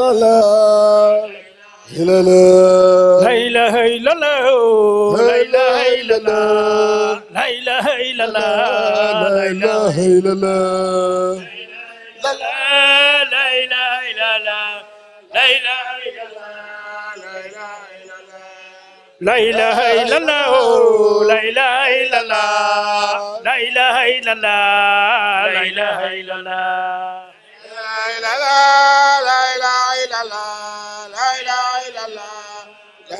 الله لا إله إلا الله لا إله إلا الله لا إله إلا الله لا إله إلا الله لا لا إله إلا الله لا إله إلا الله لا إله إلا الله لا إله إلا الله لا إله إلا الله لا إله إلا الله لا إله إلا الله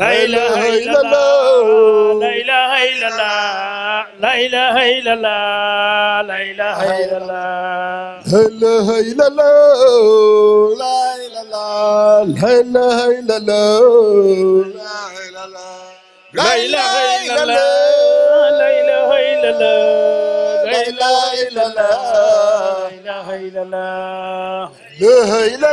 la ilaha illallah la la ilaha illallah la la ilaha illallah la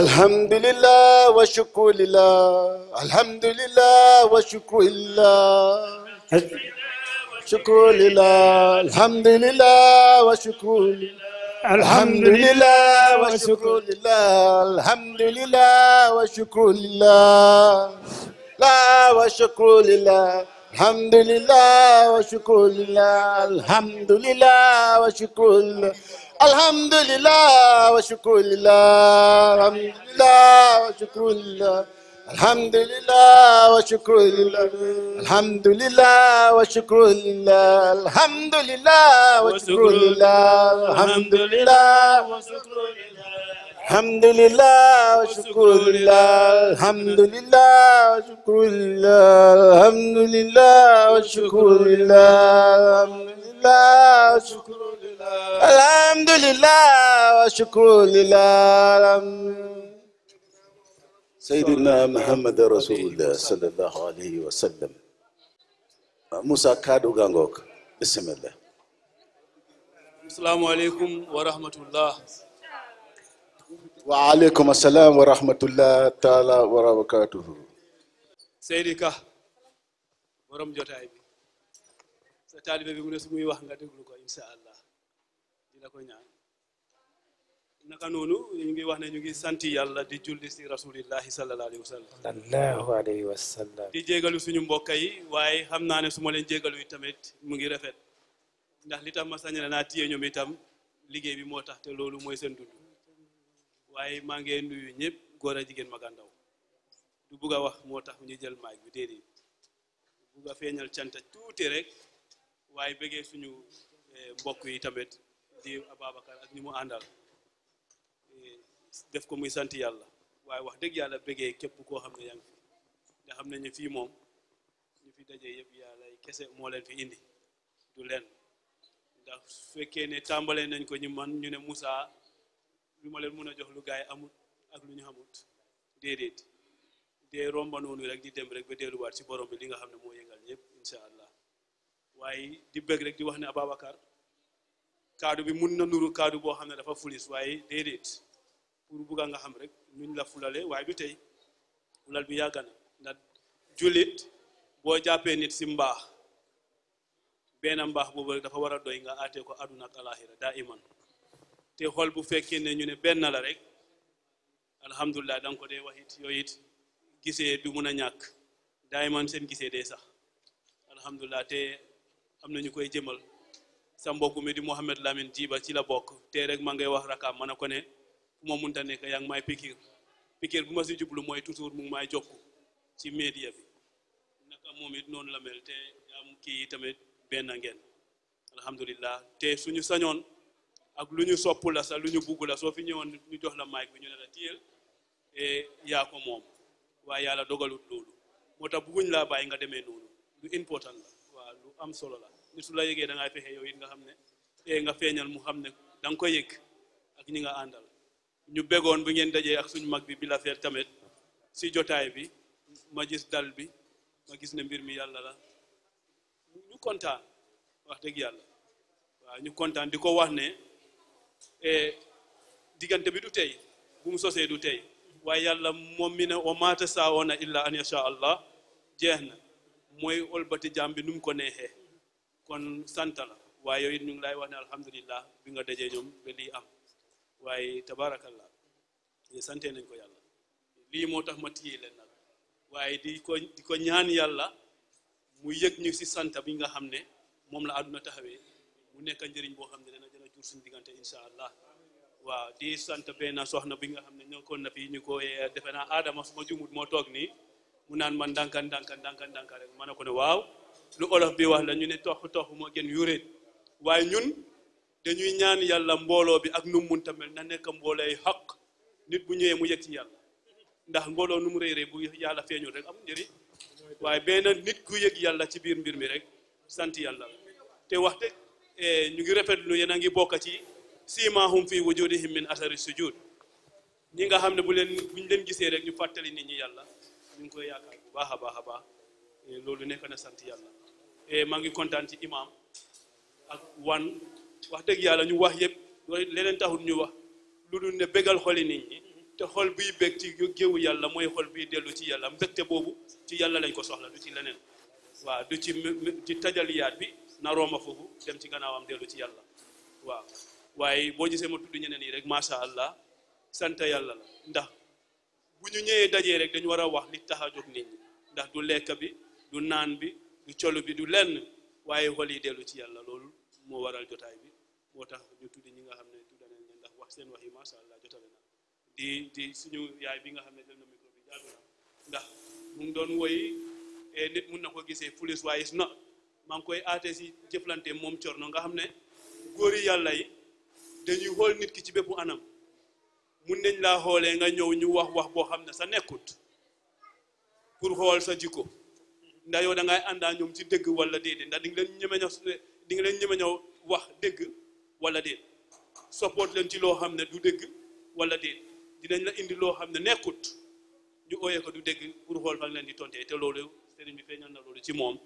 الحمد لله وشكر لله الحمد لله وشكر لله شكر لله الحمد لله وشكر لله الحمد لله وشكر لله الحمد لله وشكر لله لا وشكر لله الحمد لله وشكر لله الحمد لله وشكر لله الحمد لله وشكر لله الحمد لله وشكر لله الحمد لله وشكر لله الحمد لله وشكر لله الحمد لله وشكر لله الحمد لله وشكر لله الحمد لله وشكر لله الحمد لله وشكر لله الحمد لله وشكر لله الحمد لله وشكر لله الحمد لله وشكر لله سيدنا محمد رسول الله صلى الله عليه وسلم موسى كادو غانغوك بسم الله السلام عليكم ورحمة الله waaleykum asalaam wa rahmatullah taala wa barakatuhu Seydi Ka borom jotaay bi sa taalibe bi mu ne su muy wax nga déglu ko incha allah dina ko ñaan naka noonu ñu ngi wax ne ñu ngi sant yàlla di julli si rasulillahi sallallahu alayhi wa sallam sallallahu alayhi wa sallam di jégalu suñu mbokk yi waaye xam naa ne su ma leen jégalu tamit mu ngi rafet ndax li tax ma sañ naa téye ñoom itam liggéey bi moo tax te loolu mooy seen dund waaye maa ngi nuyu ñëpp góor a jigéen mag a du bugg a wax moo tax ñu jël maaj bi déedéet bugg a feeñal canta tuuti rek waaye bëggee suñu eh, mbokk yi tamit di Ababacar ak ñi mu àndal eh, def ko muy sant yàlla waaye wax dëgg yàlla bëggee képp koo xam ne yaa fi nga xam ne ñu fii moom ñu fi daje yëpp yàlla kese moo leen fi indi du leen ndax fekkee ne tàmbalee nañ ko ñu man ñu ne Moussa lu ma leen mën a jox lu gaay amut ak lu ñu xamut déedéet dee romba noonu rek di dem rek ba delluwaat si borom bi li nga xam ne moo yëngal ñëpp insha allah waaye di bëgg rek di wax ne Ababacar kaadu bi mun na nuru kaadu boo xam ne dafa fulis waaye déedéet pour bugga nga xam rek nuñ la fulale waaye du tey fulal bi yàgg na ndax jullit boo jàppee nit si mbaax benn mbaax boobu rek dafa war a doy nga aatee ko aduna ak alaaxira daa iman te xol bu fekkee ne ñu ne benn la rek alhamdulilah da nga ko dee wax it yooyu it gisee du mun a ñàkk daay man seen gise dee sax alhamdulilah te am na ñu koy jëmal sa mbokk mi di Mouhamed Lamine Jiba ci la bokk te rek maa ngay wax rakaam man a ko ne fu ma munta nekk yaa ngi may pikir pikir bu si jublu mooy toujours mu ngi may jokk ci média bi naka moom it noonu la mel te am kii tamit benn ngeen alhamdulilah te suñu sañoon ak lu ñu sopp la sa lu ñu bugg la soo fi ñëwoon ñu jox la mic bi ñu ne la téyel et yaa ko moom waaye yàlla dogalut loolu moo tax bugguñ laa bàyyi nga demee noonu lu important la waaw lu am solo la su la yëgee da ngaa fexe yow nga xam ne e nga feeñal mu xam ne danga nga ko yëg ak ñi nga àndal ñu bégoon bu ngeen dajee ak mag bi bi la feer tamit si jotaay bi ma gis dal bi ma gis ne mbir mi yàlla la ñu kontaan wax dëgg yàlla ñu kontaan di ko wax ne Eh, diggante bi du tey bu mu sosee du tey waaye yàlla moom mi ne o maata saawoona illa an yasha allah jeex na mooy olbati jaam bi nu mu ko neexee kon sant la waaye yooyu ñu ngi lay wax ne alhamdulillah bi nga dajee ñoom ba lii am waaye tabaarakallah sante nañ ko yàlla lii moo tax ma téye leen nag waaye di ko ñaan yàlla mu yëg ñu si sant bi nga xam ne moom la àdduna taxawee mu nekk njëriñ boo xam ne dana pour suñu diggante incha allah waaw di sant benn soxna bi nga xam ne ñoo koon na fi ñu ko eh, defe na adama suma jumut moo toog ni mu naan man ndànka ndànka ndànka rek ma ne ko ne waaw lu olof bi wax la ñu ne tox tox moo gën yuréet waaye ñun dañuy ñaan yàlla mbooloo bi ak nu mu mun tamit na nekk mboolooy xaq nit bu ñëwee mu yëg ci yàlla ndax mbooloo nu mu réeree bu yàlla feeñul rek am njëriñ waaye benn nit ku yëg yàlla ci biir mbir mi rek sant yàlla Eh, ñu ngi rafetlu yéen a ngi bokk ci siimaahum fi wujudihim min asari sujud ñi nga xam ne bu leen buñ leen gisee rek ñu fàttali nit ñi yàlla ñu ngi koy yaakaar bu a baax a baax eh, loolu nekk na sant yàlla eh, maa ngi kontaan ci imaam ak wan wax dëgg yàlla ñu wax yëpp leneen taxul ñu wax lu dul ne bégal xoli nit ñi te xol bii bég ci géewu yàlla mooy xol bii dellu ci yàlla mbégte boobu ci yàlla lañ ko soxla du ci leneen waaw du ci ci tajaliyaat bi na rooma foofu dem ci gannaawam dellu ci yàlla waaw waaye boo gisee ma tudd ñeneen nii rek macha allah sant yàlla la ndax bu ñu ñëwee dajee rek dañu war a wax li tax a jóg nit ndax du lekk bi du naan bi du colu bi du lenn waaye xol dellu ci yàlla loolu moo waral jotaay bi moo tax ñu tudd ñi nga xam ne tudd nañ leen ndax wax seen wax yi macha allah jotale na di di suñu yaay bi nga xam ne jël na bi jaadu na ndax mu ngi doon woy eh, mun na ko gisee police waaye is na maa ngi koy aate si jëflante moom Thierno nga xam ne góori yàlla yi dañuy xool nit ki ci bépp anam mun nañ laa xoolee nga ñëw ñu wax wax boo xam ne sa nekkut pour xool sa jikko ndax yow da ngay àndaa ñoom ci dëgg wala déedéet ndax di nga leen ñemeña di nga leen ñemeñoo wax dëgg wala déet support leen ci loo xam ne du dëgg wala déet dinañ la indi loo xam ne nekkut ñu ooyee ko du dëgg pour xool fan leen di tontee te loolu sëriñ bi feeñal na loolu ci moom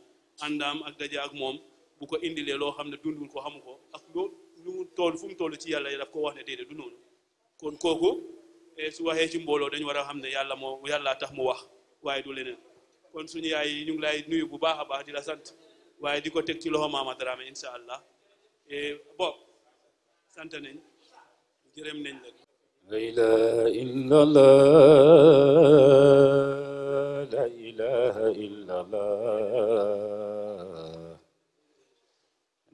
àndaam ak daje ak moom bu ko indilee loo xam ne dundul ko xamu ko ak loo lu mu toll ci yàlla daf ko wax ne déedéet du noonu kon kooku eh, su waxee ci mbooloo dañu war a xam ne yàlla moo yàlla tax mu wax waaye du leneen kon suñu yaay ñu ngi lay nuyu bu baax a baax di la sant waaye di ko teg ci loxo Mama Dramé incha allah eh, bon sant nañ gërëm nañ la. la ilaha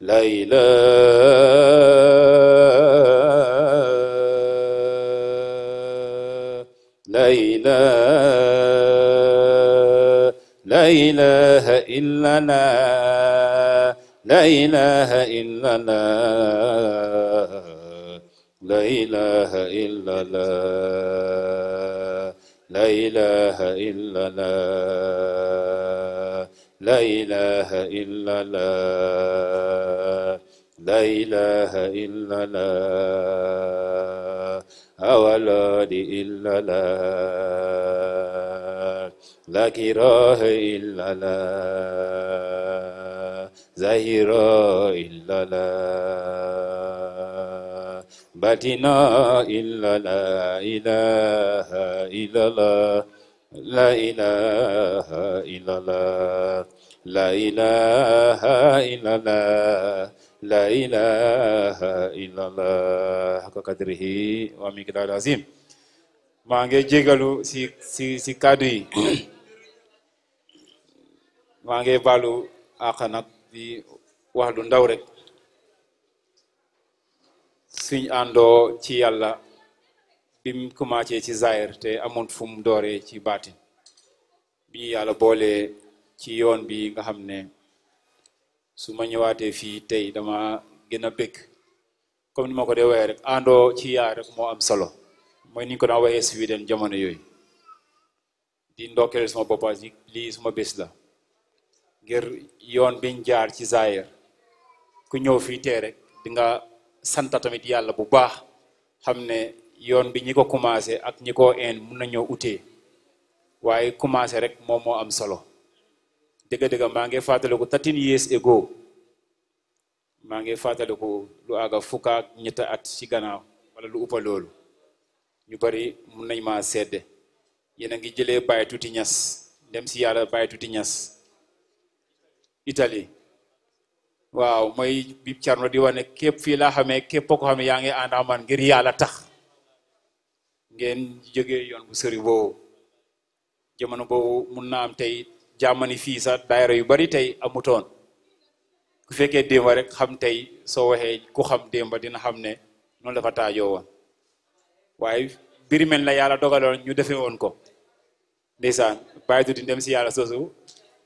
ليلى ليلى لا إله إلا أنا لا إله إلا أنا لا إله إلا لا لا إله إلا أنا لا إله إلا لا لا إله إلا لا أولاد إلا لا لا كراه إلا لا زهرا إلا لا باتنا إلا لا إله إلا الله La ina, illallah la, la illallah la ina, illallah ina, la ina la, la ina la, la si si si ina la, balu ina la, wahdun ina la, la ina bi mu commencé ci Zaire te amoon fu mu dooree ci baatin bi ñu yàlla boolee ci yoon bi nga xam ne su ma ñëwaatee fii tey dama gën a bëgg comme ni ma ko dee waxee rek àndoo ci yaar rek moo am solo mooy ni ko daan waxee Sweden jamono yooyu di ndokkeel suma boppa lii suma bés la ngir yoon biñ jaar ci Zaire ku ñëw fii tey rek di nga yàlla bu baax xam ne yoon bi ñi ko commencé ak ñi ko een mun nañoo ute waaye commencé rek moom moo am solo dëgg-dëgg maa ngi fàttaliku thirteen years ago maa ngi fàttaliku lu àgga fuka ak ñett at ci gannaaw wala lu uppa loolu ñu bari mun nañ maa sedd yéen a ngi jëlee Baye Tuuti Ñas dem si yàlla Baye Tuuti Ñas itali waaw mooy bi Thierno di wax ne képp fii laa xamee képp ko xam ne yaa ngi ànd ak man ngir yàlla tax ngeen jógee yoon bu sori boobu jamono boobu mun naa am tey jàmmani fii sax daayira yu bari tey amutoon ku fekkee démba rek xam tey soo waxee ku xam démba dina xam ne noonu dafa taajoo woon waaye biri mel na yàlla dogaloon ñu defee woon ko ndeysaan bàyyi du di dem si yàlla soosu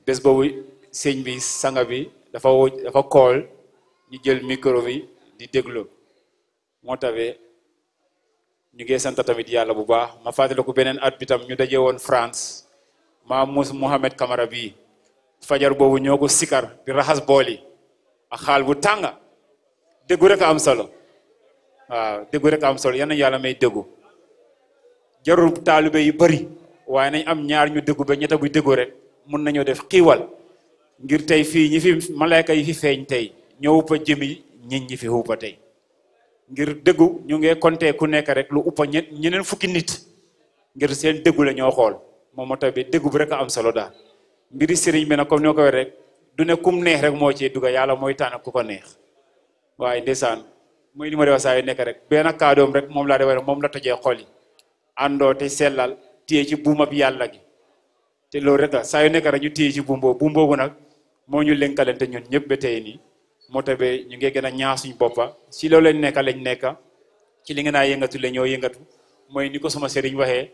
bés boobu sëñ bi sanga bi dafa dafa kool ñu jël micro bi di déglu moo tabe ñu ngi sant tamit yàlla bu baax ma fàttaliku beneen at bi tam ñu daje woon France ma mus Mouhamed kamara bi fajar boobu ñoo ko sikar di raxas bool yi ak xaal bu tànga dëggu rek am solo waaw déggu am solo yal na yàlla may déggu jarul taalibe yu bëri waaye nañ am ñaar ñu déggu ba ñetta bu déggu rek mun nañoo def xiiwal ngir tey fii ñi fi malayka yi fi feeñ tey ñoo wuppa jëmi ñit ñi fi wuppa tey ngir dëggu ñu nge compter ku nekk rek lu uppa ñeneen fukki nit ngir seen dëggu la ñoo xool moom moo tax bi dëggu bi rek am solo daal mbiri sëriñ bi nag comme ni ko rek du ne kum neex rek moo ci dugg yàlla mooy tànn ku ko neex waaye ndeysaan mooy li ma di nekk rek benn kaadoom rek moom laa di wax moom la tojee xol yi àndoo te sellal téye ci buumab yàlla gi te loolu rek la saa yu nekk rek ñu téye ci buum boobu nag moo ñu lëkkalante ñun ñëpp ba tey nii moo tax ba ñu ngi gën a ñaax suñu boppa si loolu lañ nekka lañ nekka ci li nga naa yëngatu la ñoo yëngatu mooy ni ko sama sëriñ waxee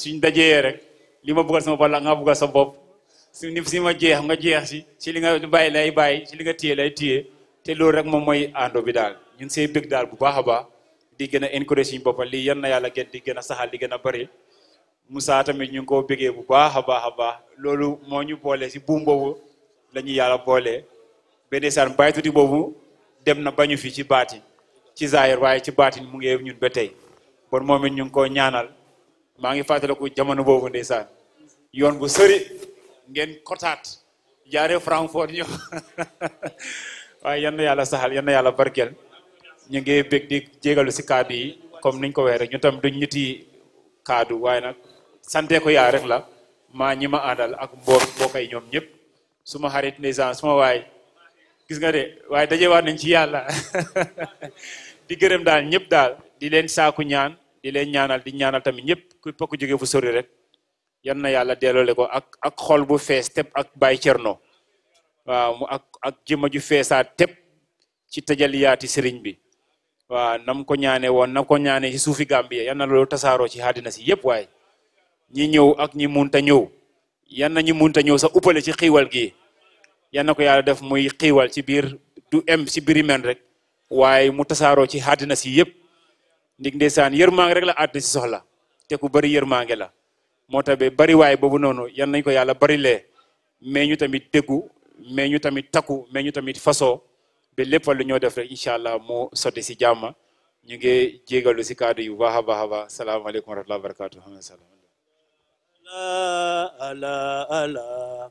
suñ dajee rek li ma bëggal sama bopp la nga bëggal sa bopp su si ma jeex nga jeex si si li nga bàyyi lay bàyyi si li nga téye lay téye te loolu rek moom mooy àndoo bi daal ñun see bëgg daal bu baax a baax di gën a encourage suñu lii yan na yàlla gën di gën a saxaal di gën a bëri musaa tamit ñu ngi koo bëggee bu baax a baax a baax loolu moo ñu boole si buum boobu la ñu yàlla ba ndeysaan baytuti boobu dem na bañu fi ci baatin ci zaahir waaye ci baatin mu ngi ñun ba tey bon moom it ñu ngi koo ñaanal maa ngi fàttaliku jamono boobu ndeysaan yoon bu sori ngeen kotaat jaaree Francfort ñëw waaye yan na yàlla saxal yan na yàlla barkeel ñu ngi bég di jégalu si kaddu yi comme niñ ko waxee rek ñu tam duñ ñitti kaddu waaye nag sante ko yaa rek la maa ñi ma àndal ak mboor mbokk ñoom ñëpp suma xarit ndeysaan suma waay gis nga de waaye dajewaat nañ ci yàlla di gërëm daal ñëpp daal di leen saaku ñaan di leen ñaanal di ñaanal tamit ñëpp ku pokk jóge fu sori rek yan na yàlla delloole ko ak ak xol bu fees teb ak bay cerno waaw ak ak jëma ju feesaa teb ci tajaliyaati sëriñ bi waa nam ko ñaane woon nam ko ñaane ci suufi Gambie yan na loolu tasaaroo ci àddina si yëpp waaye ñi ñëw ak ñi munta ñëw yan na ñi munta ñëw sax uppale ci xiiwal gi yal na ko yàlla def muy xiiwal ci biir du em ci biir men rek waaye mu tasaaroo ci àddina si yëpp ndig ndeysaan yërmaange rek la àddina si soxla te ku bëri yërmaange la moo tabe ba bëri waay boobu noonu yal nañ ko yàlla bari lee mais ñu tamit déggu mais ñu tamit takku mais ñu tamit façon ba lépp lu ñoo def rek incha allah moo sotti si jàmm ñu ngi jégalu si kaddu yu baax a baax a baax salaamaaleykum wa rahmatulah wa barakaatu. ala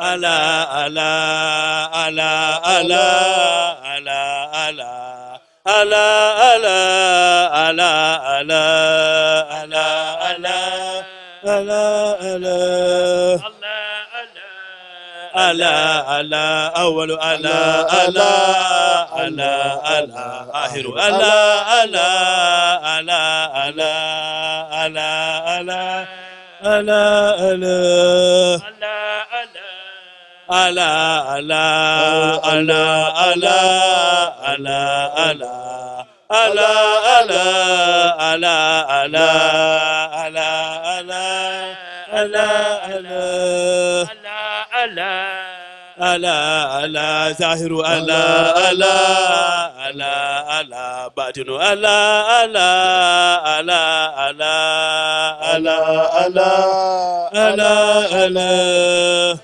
ألا ألا ألا ألا ألا ألا ألا ألا ألا ألا ألا ألا ألا ألا ألا ألا أول ألا ألا ألا ألا آخر ألا ألا ألا ألا ألا ألا ألا ألا ألا ألا ألا ألا ألا ألا ألا ألا ألا ألا ألا ألا ألا ألا ألا ألا ألا ظاهر ألا ألا ألا ألا باطن ألا ألا ألا ألا ألا ألا ألا ألا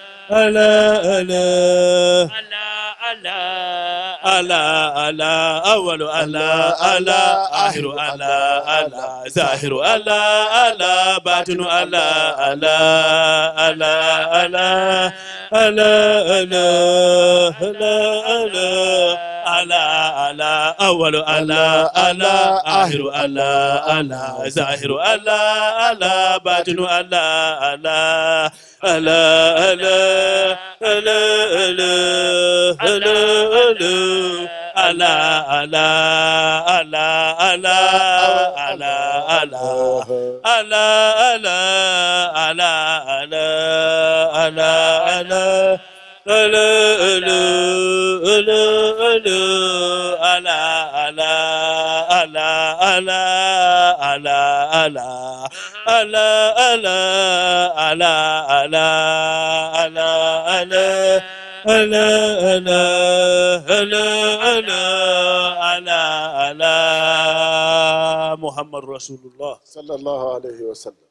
ألا ألا ألا ألا ألا أول ألا ألا آخر ألا ألا ظاهر ألا ألا باطن ألا ألا ألا ألا ألا ألا ألا ألا ألا ألا أول ألا ألا آخر ألا ألا ظاهر ألا ألا باطن ألا ألا ألا ألا ألا ألا ألا ألا ألا على على على على على على على على على على محمد رسول الله صلى الله عليه وسلم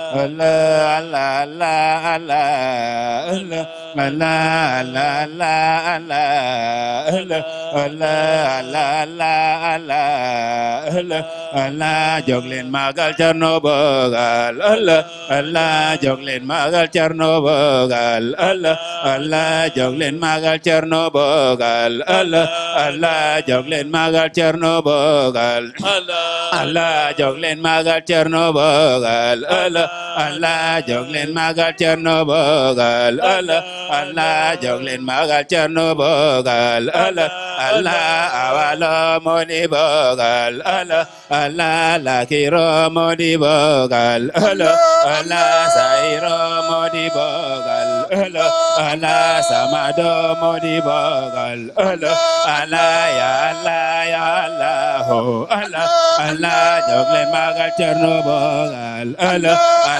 la la la la la la la la la la la la la dược liền mà gal cherno bơ gal la la dược liền mà gal cherno bơ gal la la dược liền mà gal cherno bơ gal la la dược liền mà gal cherno bơ gal la la dược liền mà gal cherno bơ gal la Allah dựng lên ma ga chân nô bơ ga la la la dựng lên ma ga chân nô bơ ga la la la ava lo à mô ni bơ ga la la ki ro mô ni bơ ga la la la ro mô ni bơ ga la sa ma do mô ni bơ ga la ya la ya la ho la la dựng lên ma ga chân nô bơ ga la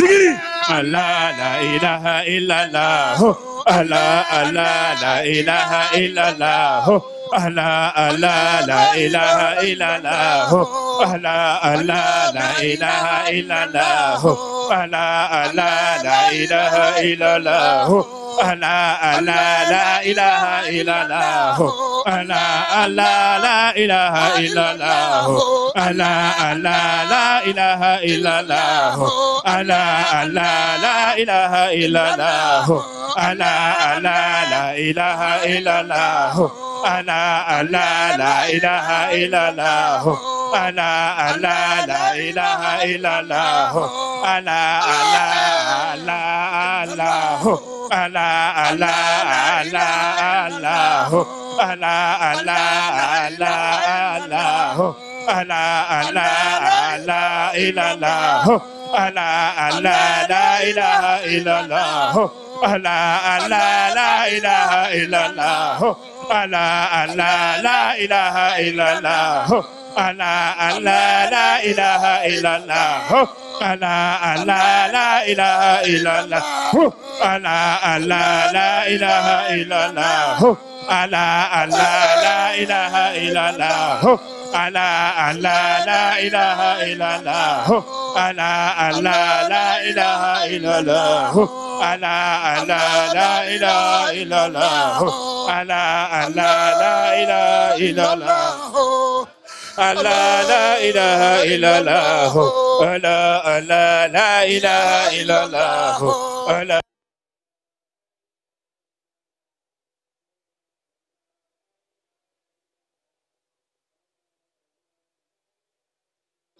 زغري لا لا إله إلا الله لا لا لا إله إلا الله لا لا لا إله إلا الله لا لا لا إله إلا الله لا إلا الله أنا أنا لا إله إلا الله أنا أنا لا إله إلا الله أنا أنا لا إله إلا الله أنا أنا لا إله إلا الله أنا أنا لا إله إلا الله أنا أنا لا إله إلا الله أنا أنا لا إله إلا الله أنا أنا لا الله Allah, Allah, Allah, Allah, Allah, Allah, Allah, Allah, Allah, Allah, la ilallah, Allah, Allah, la ilaha illallah, Allah, Allah, la ilaha illallah, Allah, Allah, la ilaha illallah. ألا ألا لا إله إلا الله ألا ألا لا إله إلا الله ألا ألا لا إله إلا الله ألا ألا لا إله إلا الله ألا ألا لا إله إلا الله ألا ألا لا إله إلا الله ألا ألا لا إله إلا الله ألا ألا لا إله إلا الله لا لا إله إلا الله لا لا لا إله إلا الله لا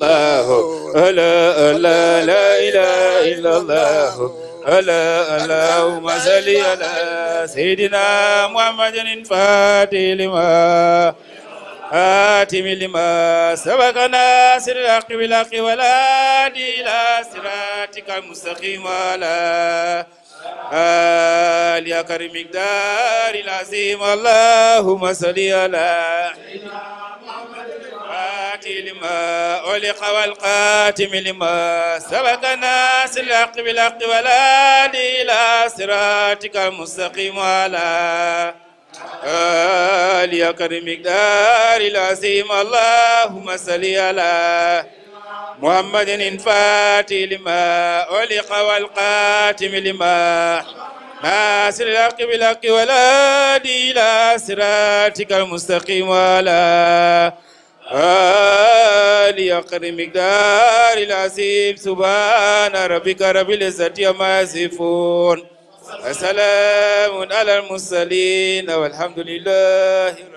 الله لا لا لا إله إلا الله ألا اللهم صل على سيدنا محمد الفاتح لما آتم لما سبقنا سراق بالحق ولا إلى سراتك مستقيم ولا آل يا كريم الدار العظيم اللهم صل على لما أولق والقاتم لما سبق الناس الحق بالحق ولا إلى صراطك المستقيم ولا عالي كريم دار العظيم اللهم صل على محمد الفاتح لما أغلق والقاتم لما ناصر الحق بالحق ولا دي إلى صراطك المستقيم ولا آل كريم دار العظيم سبحان ربك رب العزة عما يصفون وسلام على المرسلين والحمد لله